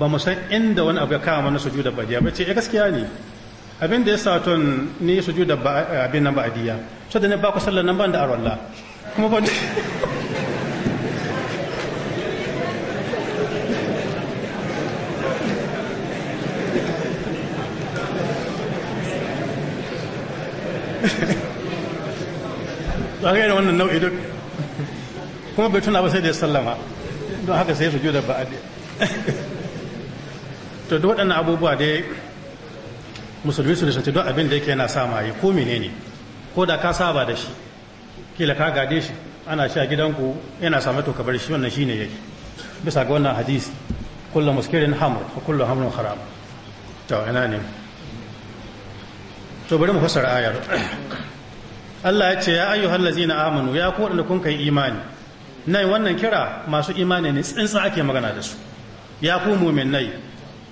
ba mu san inda wani abu ya kama mana da ba'diya ba ce eh gaskiya ne abin da ya sa ton ni da eh, abin na ba'diya so da ne ba ku sallan nan ban da arwalla kuma ban don haka yi da wannan nau'i duk kuma bai tuna ba sai da ya sallama don haka sai su juda ba'adi [LAUGHS] to duk waɗannan abubuwa dai musulmi su nisanci don abin da yake yana sa maye ko menene ko da ka saba da shi kila ka gade shi ana sha gidanku yana samu to kabar shi wannan shine yake bisa ga wannan hadisi kullum muskirin hamur wa kullum haram to ina ne to bari mu fassara ayar Allah ya ce ya ayyuhal na amanu ya ku wadanda kun kai imani nan wannan kira masu imani ne tsintsa ake magana da su ya ku nai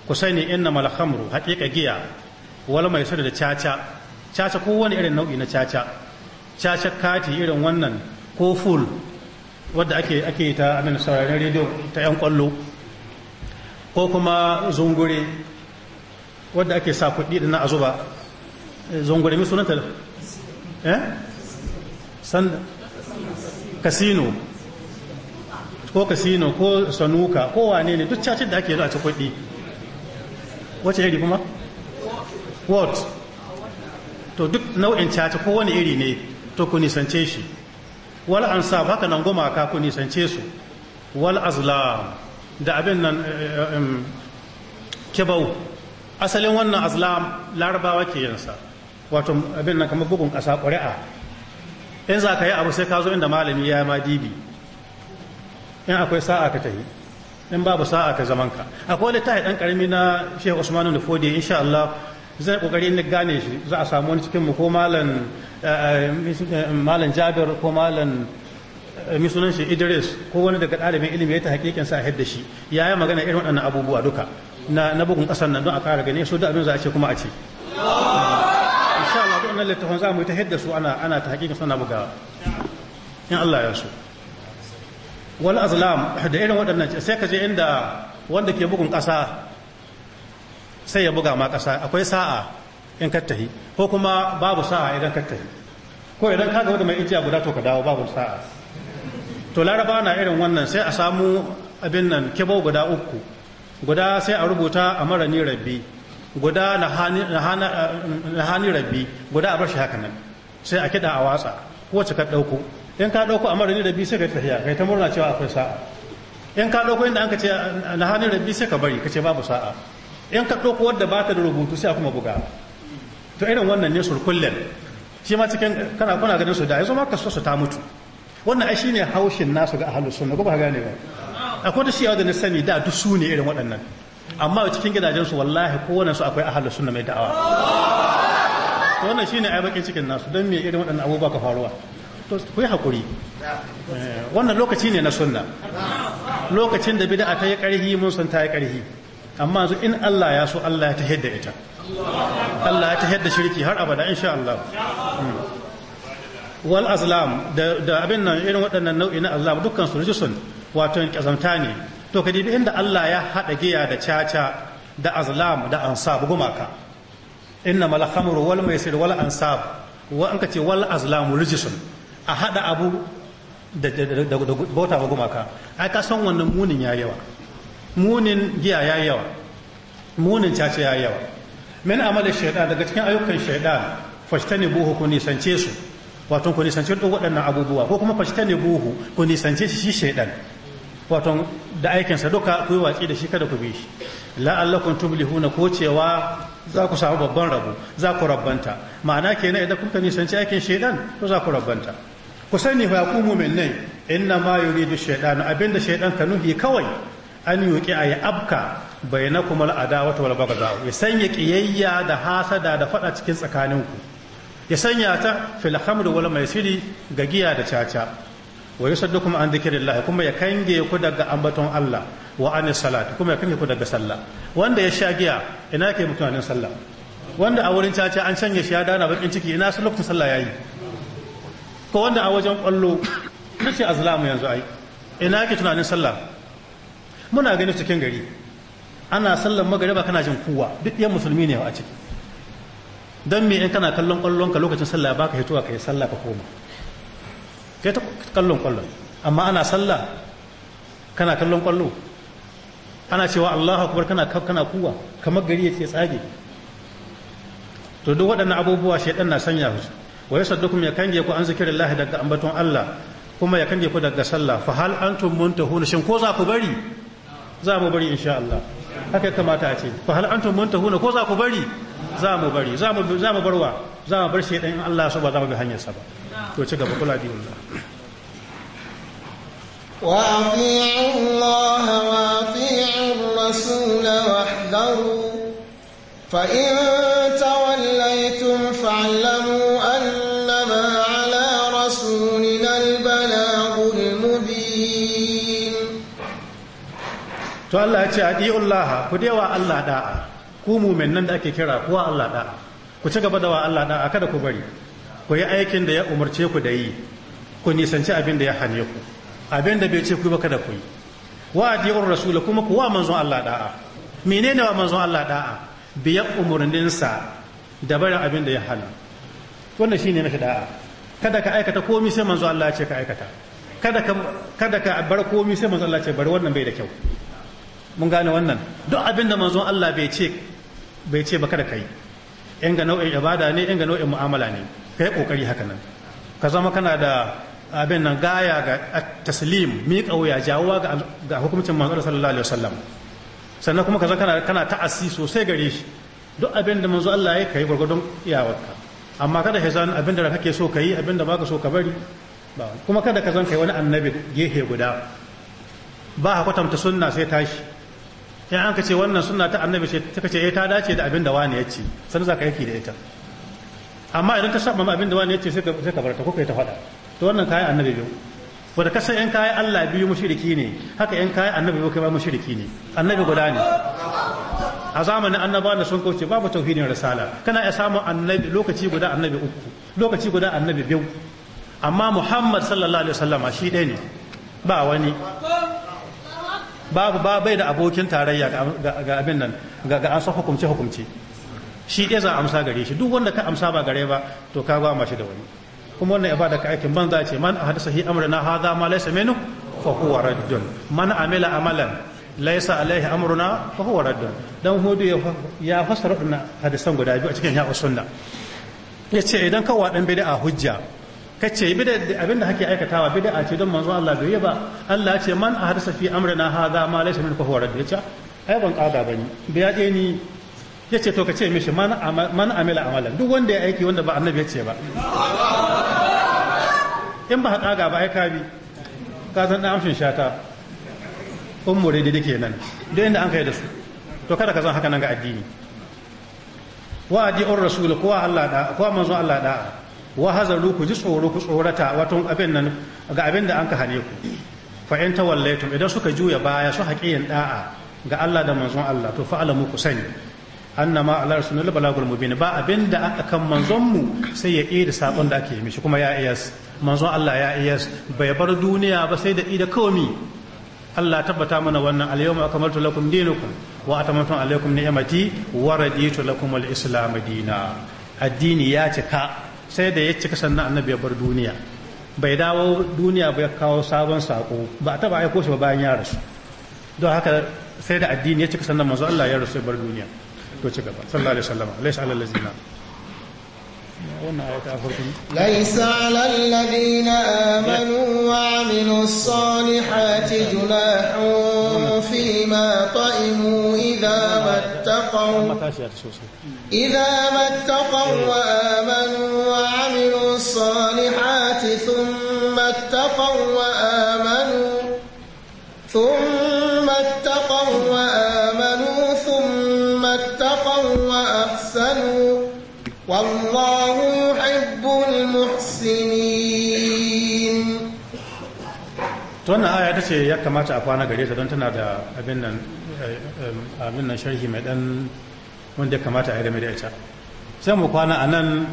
ku sani mal khamru haqiqa giya wal sada da caca caca ko wani irin nau'i na caca caca kati irin wannan ko ful wadda ake ake ta anan sauraron rediyo ta yan kwallo ko kuma zungure wadda ake sa kuɗi da na azuba eh, zungure mi sunanta eh kasino ko kasino ko sanuka ko wane ne duk cacin da ake zuwa a ci kuɗi wace iri kuma what to duk nau'in caci ko wani iri ne to ku nisance shi wal ansab haka nan ka ku nisance su wal azlam da abin nan eh, eh, eh, kibau asalin wannan azlam larabawa ke yansa. wato abin nan kamar bugun ƙasa ƙuri'a in za ka yi abu sai ka zo inda malami ya ma dibi in akwai sa'a ka tafi in babu sa'a ka zaman ka akwai wani tahi ɗan ƙarami na shehu usmanu da fodi insha Allah zai ƙoƙari in gane shi za a samu wani cikin mu ko malam eh, eh, malam jabir ko malam eh, misunan shi idris ko wani daga ɗalibin ilimi ya ta hakikin sa da shi ya yi magana irin waɗannan abubuwa duka na bugun ƙasar nan don a ƙara gani so da abin za a ce kuma a ce waɗannan littafin za mu yi ta hidda su ana ta hakika suna buga in Allah ya so wal azlam da irin waɗannan sai ka je inda wanda ke bugun ƙasa sai ya buga ma ƙasa akwai sa'a in kattahi ko kuma babu sa'a idan kattahi ko idan ka ga da mai ijiya guda to ka dawo babu sa'a to laraba na irin wannan sai a samu abin nan kibau guda uku guda sai a rubuta a mara ni rabbi guda na hannun rabbi guda a barshi haka nan sai a kiɗa a watsa ko ka ɗauko in ka ɗauko a marani rabbi sai ka tafiya kai ta murna cewa akwai sa'a in ka ɗauko inda an ka ce na hannun rabbi sai ka bari ka ce babu sa'a in ka ɗauko wadda ba ta da rubutu sai a kuma buga to irin wannan ne surkullen shi ma cikin kana kuna ganin su da yanzu ma ka so su ta mutu wannan ai shine haushin nasu ga ahlus sunna ba ba gane ba akwai da shi da na sani da duk su ne irin waɗannan amma cikin gidajensu wallahi kowane su akwai ahalar sunna mai da'awa to wannan shine ai bakin cikin nasu dan me irin waɗannan abubuwa ka faruwa to ku yi hakuri eh, wannan lokaci ne na sunna lokacin da bid'a ta yi ƙarhi mun san ta yi ƙarhi amma yanzu in Allah ya so Allah ya hedda ita Allah ya hedda shirki har abada insha Allah hmm. wal azlam da abin nan irin waɗannan nau'i na azlam dukkan su rijisun wato kazamta ne to ka dibi inda Allah ya haɗa giya da caca da azlam da ansab gumaka inna mal khamru wal maisir wal ansab wa an kace wal azlam rijsun a haɗa abu da bauta ma gumaka ai ka san wannan munin ya yawa munin giya ya yawa munin caca ya yawa min amali shaytan daga cikin ayyukan shaytan fashtani buhu ku nisance su wato ku nisance duk waɗannan abubuwa ko kuma fashtani buhu ku nisance shi shaytan Waton da aikinsa duka ku yi watsi da shi kada ku bi shi la'allakum tuflihuna ko cewa za ku samu babban rabo za ku rabbanta ma'ana kenan idan kuka nisanci aikin shaidan to za ku rabbanta ku sani fa min nay inna ma yuridu shaidan abinda shaidan ka nufi kawai an yuki ayi abka bainakum ba wal baghdha ya sanya qiyayya da hasada da fada cikin tsakaninku ya sanya ta fil khamr wal maisiri ga giya da caca wa yusaddukum an dhikrillah kuma ya kange ku daga ambaton Allah wa an salat kuma ya kange ku daga sallah wanda ya sha giya ina ke mutuwanin sallah wanda a wurin caca an canja shi ya dana bakin ciki ina su lokacin sallah yayi ko wanda a wajen kwallo kace azlamu yanzu ai ina ke tunanin sallah muna gani cikin gari ana sallar magariba kana jin kuwa duk yan musulmi ne a ciki don me in kana kallon kwallon ka lokacin sallah baka ka kai sallah ka koma kai ta kallon kwallon amma ana sallah kana kallon kwallo ana cewa Allah akubar kana kana kuwa kamar gari yake tsage to duk waɗannan abubuwa shaidan na sanya su wa yasaddukum ya kange ku an zikirin zikrillah daga ambaton Allah kuma ya kange ku daga sallah fa hal antum muntahun shin ko za ku bari za mu bari insha Allah haka kamata a ce fa hal antum muntahun ko za ku bari za mu bari za mu za mu barwa za mu bar shaidan Allah so ba za mu bi hanyar sa ba to ci gaba kula bi Allah وأطيعوا الله وأطيعوا الرسول واحذروا فإن توليتم فاعلموا أنما على رسولنا البلاغ المبين to Allah ya ce adiyu Allah ku dai wa Allah da'a ku mu'minan da ake kira kuwa Allah da'a ku ci gaba da wa Allah da'a kada ku bari ku yi aikin da ya umarce ku da yi ku nisanci abinda ya hane ku abin da bai ce ku ba kada ku yi wa adi'ur rasul kuma ku wa manzon Allah da'a menene wa manzon Allah da'a biya umurninsa da barin abin da ya hana wannan shine maka da'a kada ka aikata komai sai manzon Allah ce ka aikata kada ka kada ka bar komai sai manzon Allah ce bar wannan bai da kyau mun gane wannan duk abin da manzon Allah bai ce bai ce ba kada kai in ga nau'in ibada ne in ga nau'in mu'amala ne kai kokari haka nan ka zama kana da abin nan gaya ga taslim mi kauya jawuwa ga hukumcin manzo sallallahu alaihi wasallam sannan kuma kaza kana kana ta'assi sosai gare shi duk abin da manzo Allah ya kai gurgurdun iyawarka amma kada ka zan abin da kake so kai abin da baka so ka bari ba kuma kada ka zan kai wani annabi gehe guda ba ka kwatanta sunna sai tashi sai an ka ce wannan sunna ta annabi sai ta ce eh, ta dace da abin da wani ya ce sannan za ka yake da ita amma idan ka saba abin da wani ya ce sai ka bar ta ko kai ta faɗa to wannan kayan annabi biyu wanda kasa yan kayan Allah biyu mushriki ne haka yan kayan annabi biyu kai mushriki ne annabi guda ne a zamanin annaba da sun kauce babu tauhidin risala kana iya samun annabi lokaci guda annabi uku lokaci guda annabi biyu amma Muhammad sallallahu alaihi wasallama shi ɗaya ne ba wani babu ba bai da abokin tarayya ga abin nan ga an san hukumce hukumce shi ɗaya za a amsa gare shi duk wanda ka amsa ba gare ba to ka gwa mashi da wani kuma wannan ba ka aikin banza ce man a ahadasa hi amruna haza ma laisa minhu fa huwa raddun man amila amalan laisa alaihi amruna fa huwa raddun dan hudu ya fasara wannan hadisan guda biyu a cikin ya sunna yace idan kawo wa dan bid'a hujja kace bid'a abinda hake aikatawa bid'a ce don manzo Allah bai ba Allah ce man a ahadasa fi amrina haza ma laisa menu fa huwa raddun ce ai ban kada bane bai je ni ya ce to ka ce mishi man amila amalan duk wanda ya aiki wanda ba annabi ce ba in ba kaga ba ai kabi bi ka san da amshin shata ummure da dake nan duk inda an kai da su to kada ka zan haka nan ga addini wa ur rasul ko Allah da ko manzo Allah da wa hazaru ku ji tsoro ku tsorata wato abin nan ga abin da an ka hane ku fa in tawallaitum idan suka juya baya su haƙiyin da'a ga Allah da manzon Allah to fa alamu ku sani annama ala rasulil balagul mubin ba abin da aka kan manzon mu sai ya ƙi da sabon da ake yi mishi kuma ya iyas manzon Allah ya iya bai bar duniya ba sai da ida komi Allah tabbata mana wannan al-yawma akmaltu lakum dinakum wa atamantu alaykum ni'mati wa raditu lakum al-islam dina addini ya cika sai da ya cika sannan annabi ya bar duniya bai dawo duniya bai kawo sabon sako ba a taba aiko shi ba bayan ya rasu don haka sai da addini ya cika sannan manzo Allah ya rasu ya bar duniya to ci gaba sallallahu alaihi wasallam laysa alal ladzina ليس على الذين آمنوا وعملوا الصالحات جناح فيما طئموا إذا ما اتقوا إذا ما اتقوا وآمنوا وعملوا الصالحات ثم اتقوا وآمنوا ثم والله يحب المحسنين tona aya ta ce ya kamata a kwana gare ta don tana da abin nan eh, eh, sharhi mai dan wanda ya kamata a yi game da ita sai mu kwana a nan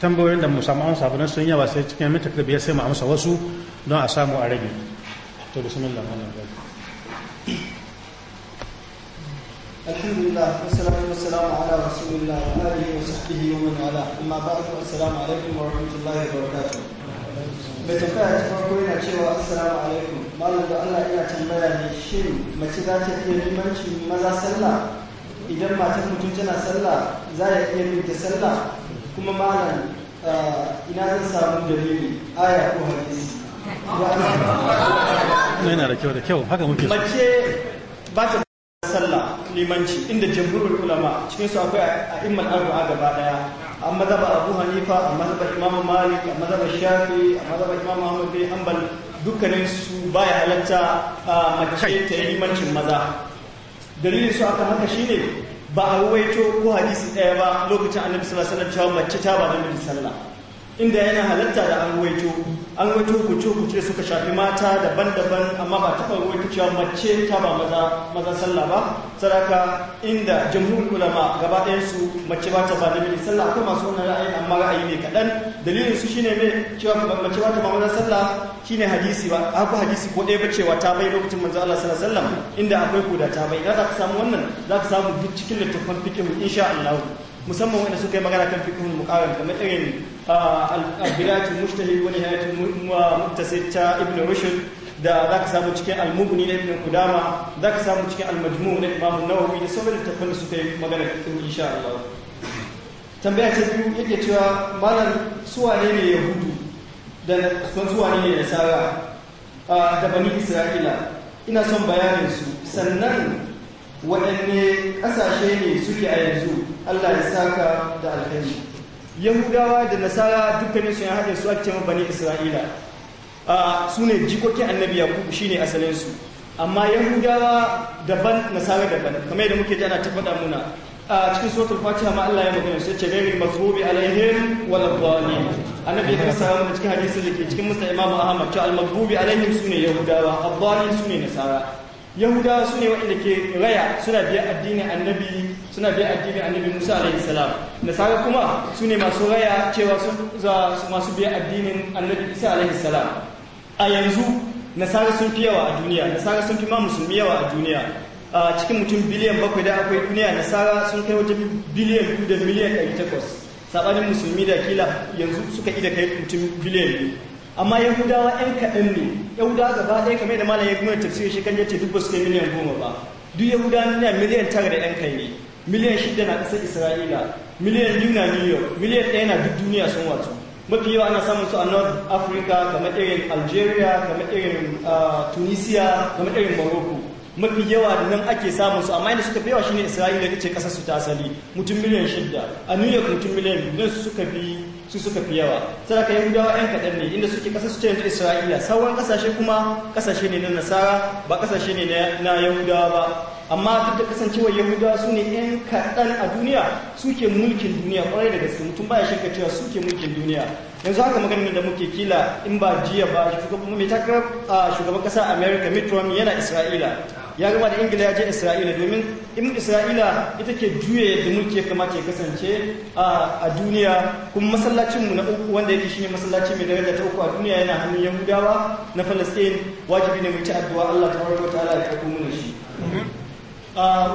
tambayoyin da mu samu amsa ba sun yawa sai cikin mita biyar sai mu amsa wasu don a samu a rage to bismillah wannan alhamdulillah والسلام على رسول الله وآله وصحبه ومن والاه أما بعد السلام عليكم ورحمة الله وبركاته mai tambaya ta farko yana cewa assalamu alaikum malam da Allah ina tambaya ne shin mace za ta iya limanci maza sallah idan matan mutum tana sallah za ya iya bin ta sallah kuma malam ina zan samu dalili aya ko hadisi yana da kyau da kyau haka muke mace ba sallah limanci inda jamhurul ulama cikin su akwai a imman arba'a gaba daya a mazhaba Abu Hanifa a mazhaba Imam Malik a mazhaba Shafi a mazhaba Imam Ahmad bin Hanbal dukkanin su baya halatta mace ta yi limancin maza dalilin su aka haka shine ba a ruwaito ko hadisi daya ba lokacin Annabi sallallahu alaihi wasallam mace ta ba da sallah inda yana halatta da an ruwaito an ruwaito hukunce-hukunce suka shafi mata daban-daban amma ba taɓa ruwaito cewa mace ta ba maza sallah ba saraka inda jamhurin ulama gaba su mace ba ta ba da mini sallah akwai masu wani ra'ayi amma ra'ayi ne kaɗan dalilin su shine mai cewa mace ba ta ba maza sallah shine hadisi ba akwai hadisi ko ɗaya ba cewa ta bai lokacin manzo Allah sallallahu alaihi wasallam inda akwai koda ta bai za ka samu wannan za ka samu duk cikin littattafan fikihu insha Allah musamman wanda suka yi magana kan fiqhul muqawim kamar irin al-bidayatul mujtahid wa nihayatul muttasid ta ibn rushd da ka samu cikin al-mughni na ibn qudama ka samu cikin al-majmu' na imam an-nawawi da sauran tafsirin da suka yi magana fiqh insha Allah tambaya ce biyu yake cewa malam suwa ne yahudu da sun suwane ne nasara da bani isra'ila ina son bayanin su sannan waɗanne ƙasashe ne suke a yanzu Allah ya saka da alkhairi yahudawa da nasara dukkanin su ya haɗe su ake bani isra'ila a su ne jikokin annabi yakubu shine ne asalinsu amma yahudawa daban nasara daban kamar yadda muke jana ta faɗa muna a cikin suratul fatiha ma Allah ya magana sai ce ghairil maghdubi alaihim wal na annabi ya kasa mu cikin hadisin da ke cikin musa imamu ahmad cewa al maghdubi alaihim sune yahudawa ad-dhalin sune nasara yahudawa su ne waɗanda ke raya suna biya addinin annabi suna biya addinin annabi musa alayhi salam nasara kuma su ne masu raya cewa su za su masu biya addinin annabi isa alayhi salam a yanzu nasara sun fi yawa a duniya nasara sun fi ma musulmi yawa a duniya a cikin mutum biliyan bakwai da akwai duniya nasara sun kai wata biliyan biyu da miliyan ɗari takwas saɓanin musulmi da kila yanzu suka ida kai mutum biliyan biyu amma yahudawa yan kaɗan ne yahudawa gaba ɗaya kamar da malam ya kuma tafsiri shi kan yace duk ba su kai miliyan goma ba duk yahudawa na miliyan tara da yan kai ne miliyan shida na ƙasar isra'ila miliyan biyu na new york miliyan ɗaya na duk duniya sun wato mafi yawa ana samun su a north africa kamar irin algeria kamar irin ah, tunisia kamar irin morocco mafi yawa da nan ake samun su amma inda suka fi yawa shine isra'ila ita ce ƙasar su ta asali mutum miliyan shida a new york mutum miliyan biyu su suka fi su suka fi yawa sai ka yahudawa yan kaɗan ne inda suke ƙasa su ce yanzu isra'ila sauran ƙasashe kuma ƙasashe ne na nasara ba ƙasashe ne na yahudawa ba amma duk da kasancewar yahudawa su ne yan kaɗan a duniya suke mulkin duniya ƙwarai da gaske mutum ba ya shirka cewa suke mulkin duniya yanzu haka maganin da muke kila in ba jiya ba shugaban mai a shugaban ƙasar america mitt romney yana isra'ila ya gama da ingila ya je isra'ila domin in isra'ila ita ke juya yadda mulki ya kamata ya kasance a duniya kuma masallacinmu na uku wanda yake shine masallaci mai daraja ta uku a duniya yana hannun yahudawa na falastin wajibi ne mai ci addu'a allah ta wata ta'ala ya karɓo mana shi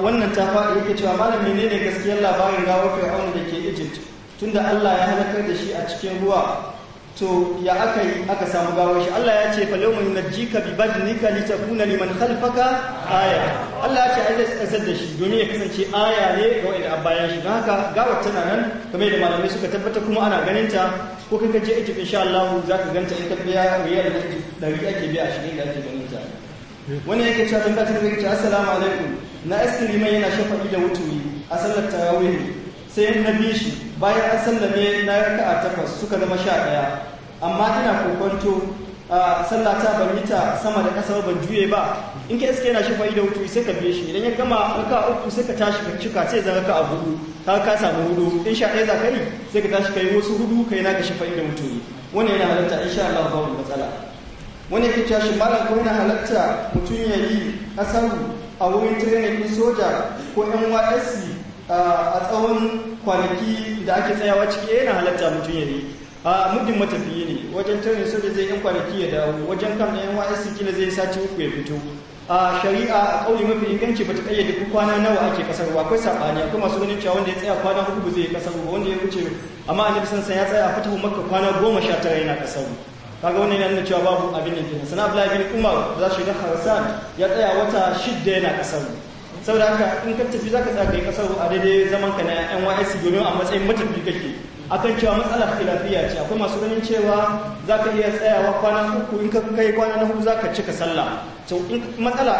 wannan ta faɗi yake cewa malam menene gaskiyar labarin gawar fir'auna da ke egypt tunda allah ya halakar da shi a cikin ruwa to ya aka yi aka samu gawar shi Allah ya ce falyawun najjika bi badnika takuna liman khalfaka aya Allah ya ce ai zai tsasar da shi domin ya kasance aya ne ga wanda an bayan shi don haka gawar tana nan kamar da malamai suka tabbata kuma ana ganin ta ko kai ka je Egypt insha Allah za ka ganta in ka biya riyal da ake biya shi ne da ake ganin ta wani yake cewa dan ba ta ce assalamu alaikum na askiri mai yana shafa da wuturi a sallar tarawih sai na bi shi bayan an sallame na raka a takwas suka zama sha ɗaya amma ina kokonto sallah ta ban yi ta sama da ƙasa ban juye ba in ka iske yana shi fa'i da hutu sai ka biye shi idan ya gama raka uku sai ka tashi ka cika sai zan raka a hudu ka ka samu hudu in sha ɗaya za ka yi sai ka tashi ka yi wasu hudu ka yi naka shi fa'i da hutu wannan yana halatta in sha Allah babu matsala wani ya cewa shi malam ko yana halatta mutum ya yi asaru a wurin training soja ko yan wa'asi a tsawon kwanaki da ake tsayawa ciki yana halatta mutum ya yi a muddin matafiye ne wajen tarin soja zai yan kwanaki ya dawo wajen kam yan wa'ansu kila zai sati uku ya fito a shari'a a kauli mafi inganci bata kayyade duk kwana nawa ake kasar ba akwai sabani akwai masu ganin cewa wanda ya tsaya kwana uku ba zai yi kasar ba wanda ya wuce amma annabi san ya tsaya a fatahu makka kwana goma sha tara yana kasar kaga wannan yana cewa babu abin da ke sana abdullahi umar za shi da harsan ya tsaya wata shidda yana kasar saboda haka in ka tafi zaka sa kai kasar a daidai zaman ka na NYSC domin a matsayin matafi kake akan cewa matsalar filafiya ce akwai masu ganin cewa za ka iya tsayawa kwana uku in ka kai kwana na hudu ka cika sallah to matsala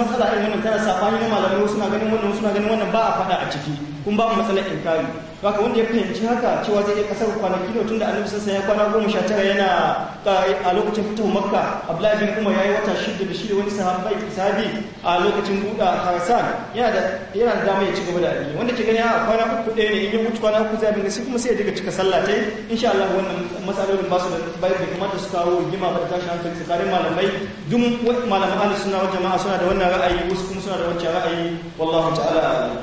matsala irin wannan tana sabani na malamai wasu na ganin wannan wasu na ganin wannan ba a faɗa a ciki kun babu matsala in to haka wanda ya fahimci haka cewa zai iya kasar kwanaki ne da annabi sun ya kwana goma sha tara yana eh, a lokacin fitowar makka abdullahi bin umar yayi wata shida da shi wani sahabbai sahabi a lokacin buɗa harsan yana da yana da dama ya ci gaba da addini wanda ke gani a kwana uku ɗaya ne in ya wuce kwana uku zai sai kuma sai ya daga cika sallah tai insha Allah wannan matsalolin ba su da bai kamata su kawo rigima ba da tashin hankali tsakanin malamai duk malamai malaman ahlus sunna wal jama'a suna da wannan ra'ayi wasu kuma suna da wancan ra'ayi wallahu ta'ala a'lam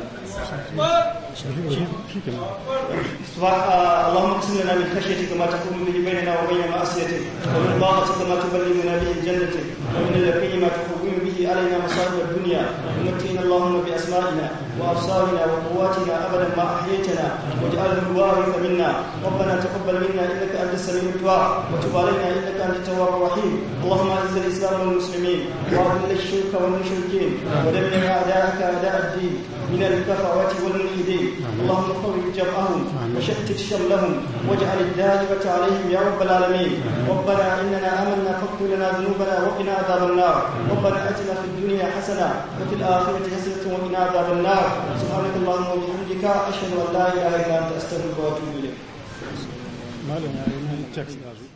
اللهم اقسم لنا من خشيتك ما تقوم به بيننا وبين معصيتك ومن طاعتك ما تبلغنا به جنتك ومن اليقين ما تقوم به علينا مصائب الدنيا ومتعنا اللهم بأسمائنا وأبصارنا وقواتنا أبدا ما أحييتنا واجعله الوارث منا ربنا تقبل منا إنك أنت السميع الدعاء وتب علينا إنك أنت التواب الرحيم اللهم أعز الإسلام والمسلمين وأذل الشرك والمشركين ودمر أعداءك أعداء الدين من الكفرة والملحدين اللهم قوي جمعهم وشتت شملهم واجعل الدائرة عليهم يا رب العالمين ربنا إننا آمنا فاغفر لنا ذنوبنا وقنا عذاب النار ربنا آتنا في الدنيا حسنة وفي الآخرة حسنة الخزي ومن عذاب النار سبحانك اللهم وبحمدك اشهد ان لا اله الا انت استغفرك واتوب اليك